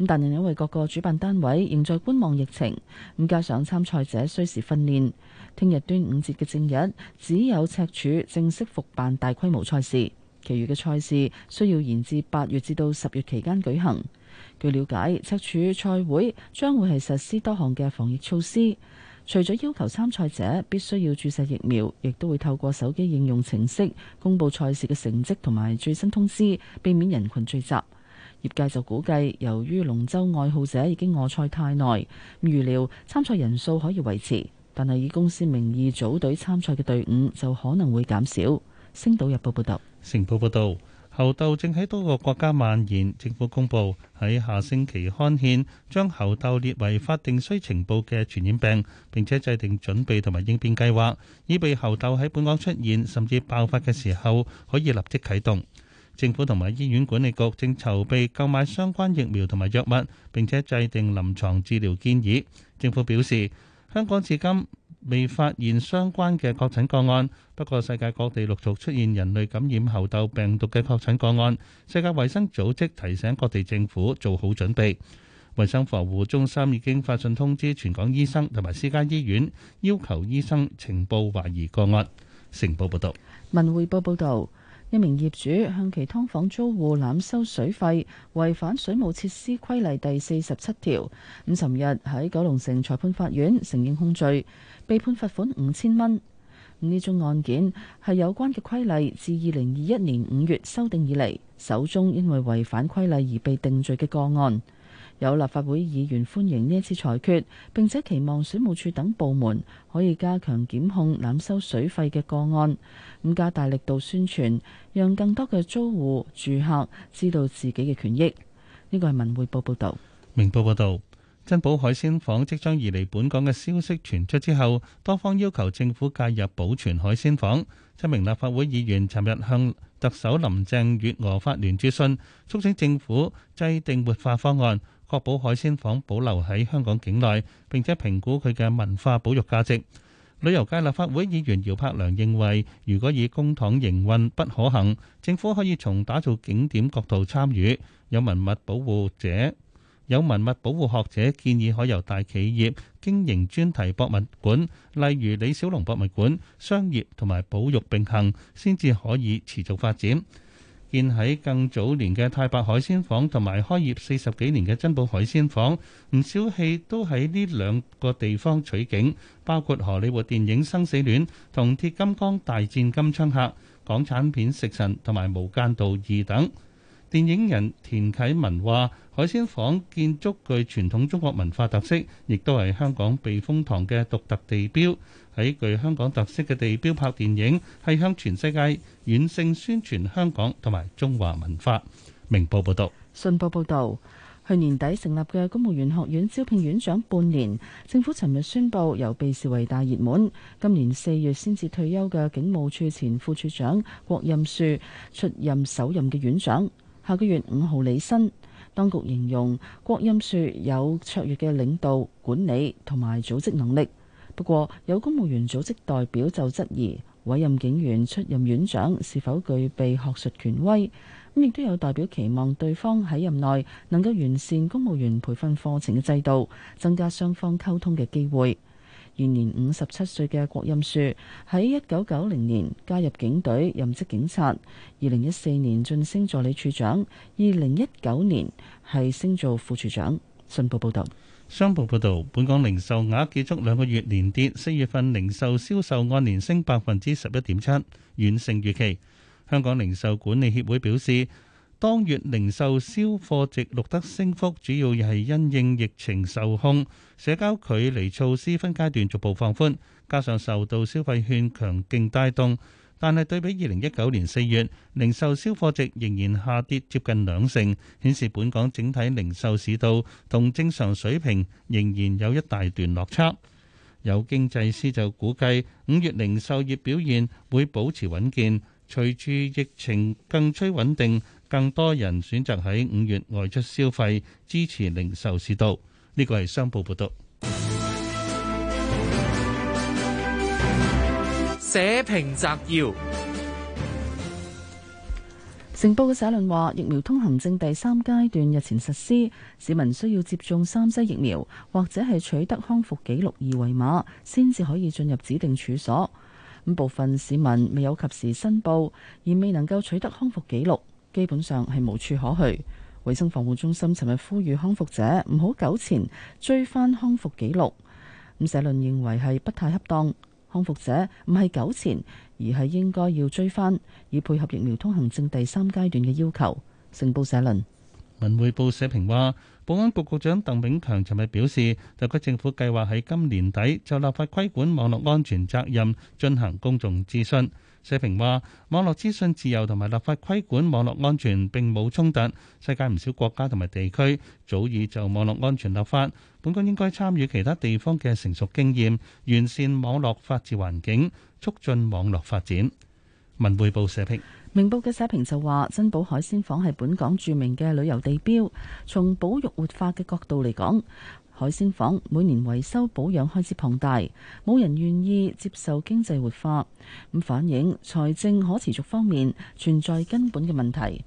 但係因為各個主辦單位仍在觀望疫情，咁加上參賽者需時訓練，聽日端午節嘅正日，只有赤柱正式復辦大規模賽事，其餘嘅賽事需要延至八月至到十月期間舉行。據了解，赤柱賽會將會係實施多項嘅防疫措施，除咗要求參賽者必須要注射疫苗，亦都會透過手機應用程式公佈賽事嘅成績同埋最新通知，避免人群聚集。業界就估計，由於龍舟愛好者已經餓賽太耐，預料參賽人數可以維持，但係以公司名義組隊參賽嘅隊伍就可能會減少。星島日報報道，成報報道，猴痘正喺多個國家蔓延。政府公布喺下星期刊憲，將猴痘列為法定須呈報嘅傳染病，並且制定準備同埋應變計劃，以備猴痘喺本港出現甚至爆發嘅時候可以立即啟動。政府同埋醫院管理局正籌備購買相關疫苗同埋藥物，並且制定臨床治療建議。政府表示，香港至今未發現相關嘅確診個案，不過世界各地陸續出現人類感染猴痘病毒嘅確診個案。世界衛生組織提醒各地政府做好準備。衛生防護中心已經發信通知全港醫生同埋私家醫院，要求醫生呈報懷疑個案。成報報導，文匯報報道。一名業主向其劏房租戶濫收水費，違反水務設施規例第四十七條。咁，尋日喺九龍城裁判法院承認控罪，被判罰款五千蚊。呢宗案件係有關嘅規例自二零二一年五月修訂以嚟，首宗因為違反規例而被定罪嘅個案。有立法會議員歡迎呢次裁決，並且期望水務處等部門可以加強檢控濫收水費嘅個案，咁加大力度宣傳，讓更多嘅租戶住客知道自己嘅權益。呢個係文匯報報導，明報報導，珍寶海鮮舫即將移離本港嘅消息傳出之後，多方要求政府介入保存海鮮舫。七名立法會議員尋日向特首林鄭月娥發聯署信，促請政府制定活化方案。確保海鮮坊保留喺香港境內，並且評估佢嘅文化保育價值。旅遊界立法會議員姚柏良認為，如果以公帑營運不可行，政府可以從打造景點角度參與。有文物保護者、有文物保護學者建議，可由大企業經營專題博物館，例如李小龍博物館，商業同埋保育並行，先至可以持續發展。建喺更早年嘅太白海鮮舫同埋開業四十幾年嘅珍寶海鮮舫，唔少戲都喺呢兩個地方取景，包括荷里活電影《生死戀》同《鐵金剛大戰金槍客》、港產片《食神》同埋《無間道二》等。電影人田啟文話：海鮮坊建築具傳統中國文化特色，亦都係香港避風塘嘅獨特地標。喺具香港特色嘅地標拍電影，係向全世界遠勝宣傳香港同埋中華文化。明報報導，信報報導，去年底成立嘅公務員學院招聘院長半年，政府尋日宣布，由被視為大熱門、今年四月先至退休嘅警務處前副處長郭任樹出任首任嘅院長。下個月五號離任，當局形容郭蔭庶有卓越嘅領導、管理同埋組織能力。不過，有公務員組織代表就質疑委任警員出任院長是否具備學術權威。咁亦都有代表期望對方喺任內能夠完善公務員培訓課程嘅制度，增加雙方溝通嘅機會。現年五十七歲嘅郭蔭庶喺一九九零年加入警隊任職警察，二零一四年晉升助理處長，二零一九年係升做副處長。信報報道，商報報道，本港零售額結束兩個月連跌，四月份零售銷售按年升百分之十一點七，完勝預期。香港零售管理協會表示。當月零售銷貨值錄得升幅，主要係因應疫情受控、社交距離措施分階段逐步放寬，加上受到消費券強勁帶動。但係對比二零一九年四月零售銷貨值仍然下跌接近兩成，顯示本港整體零售市道同正常水平仍然有一大段落差。有經濟師就估計五月零售業表現會保持穩健，隨住疫情更趨穩定。更多人選擇喺五月外出消費，支持零售市道。呢個係商報報導。社評摘要。成報嘅社論話，疫苗通行證第三階段日前實施，市民需要接種三劑疫苗，或者係取得康復記錄二維碼，先至可以進入指定處所。咁部分市民未有及時申報，而未能夠取得康復記錄。基本上係無處可去。衞生防護中心尋日呼籲康復者唔好糾纏追翻康復記錄。咁社論認為係不太恰當，康復者唔係糾纏，而係應該要追翻，以配合疫苗通行證第三階段嘅要求。成報社論，文匯報社評話，保安局局長鄧炳強尋日表示，特區政府計劃喺今年底就立法規管網絡安全責任進行公眾諮詢。社評話，網絡資訊自由同埋立法規管網絡安全並冇衝突。世界唔少國家同埋地區早已就網絡安全立法，本港應該參與其他地方嘅成熟經驗，完善網絡法治環境，促進網絡發展。文匯報社評。明報嘅社評就話，珍寶海鮮舫係本港著名嘅旅遊地標。從保育活化嘅角度嚟講。海鮮舫每年維修保養開支龐大，冇人願意接受經濟活化，咁反映財政可持續方面存在根本嘅問題。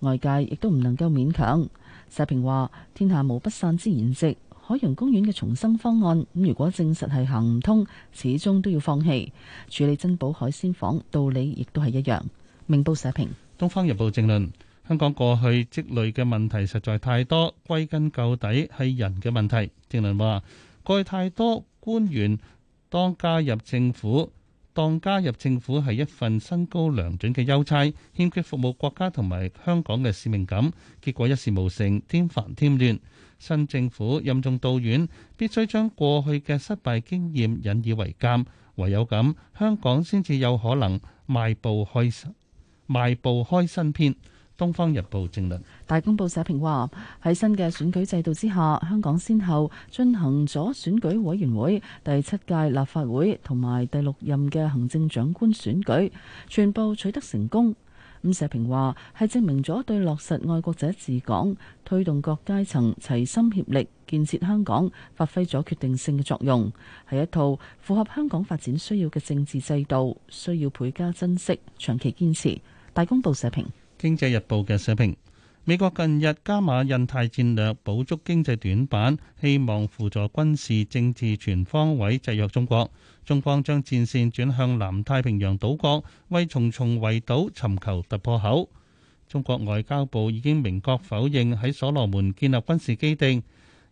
外界亦都唔能夠勉強。社評話：天下無不散之筵席，海洋公園嘅重生方案咁如果證實係行唔通，始終都要放棄。處理珍寶海鮮舫道理亦都係一樣。明報社評，《東方日報》政論。香港過去積累嘅問題實在太多，歸根究底係人嘅問題。政論話過去太多官員當加入政府當加入政府係一份薪高糧準嘅優差，欠缺服務國家同埋香港嘅使命感，結果一事無成，添煩添亂。新政府任重道遠，必須將過去嘅失敗經驗引以為鑑，唯有咁香港先至有可能邁步開邁步開新篇。《東方日報政論》政論。大公報社評話喺新嘅選舉制度之下，香港先後進行咗選舉委員會第七屆立法會同埋第六任嘅行政長官選舉，全部取得成功。咁社評話係證明咗對落實愛國者治港、推動各階層齊心協力建設香港，發揮咗決定性嘅作用，係一套符合香港發展需要嘅政治制度，需要倍加珍惜，長期堅持。大公報社評。《經濟日報》嘅社評：美國近日加碼印太戰略，補足經濟短板，希望輔助軍事政治全方位制約中國。中方將戰線轉向南太平洋島國，為重重圍堵尋求突破口。中國外交部已經明確否認喺所羅門建立軍事基地，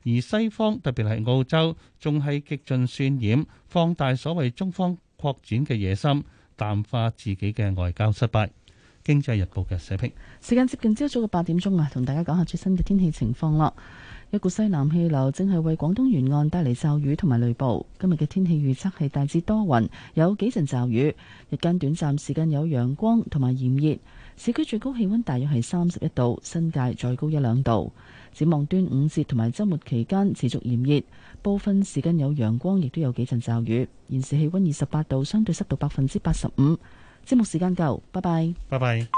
而西方特別係澳洲，仲係極盡渲染、放大所謂中方擴展嘅野心，淡化自己嘅外交失敗。《經濟日報》嘅社評，時間接近朝早嘅八點鐘啊，同大家講下最新嘅天氣情況啦。一股西南氣流正係為廣東沿岸帶嚟驟雨同埋雷暴。今日嘅天氣預測係大致多雲，有幾陣驟雨。日間短暫時間有陽光同埋炎熱。市區最高氣温大約係三十一度，新界再高一兩度。展望端午節同埋周末期間持續炎熱，部分時間有陽光，亦都有幾陣驟雨。現時氣温二十八度，相對濕度百分之八十五。節目時間夠，拜拜，拜拜。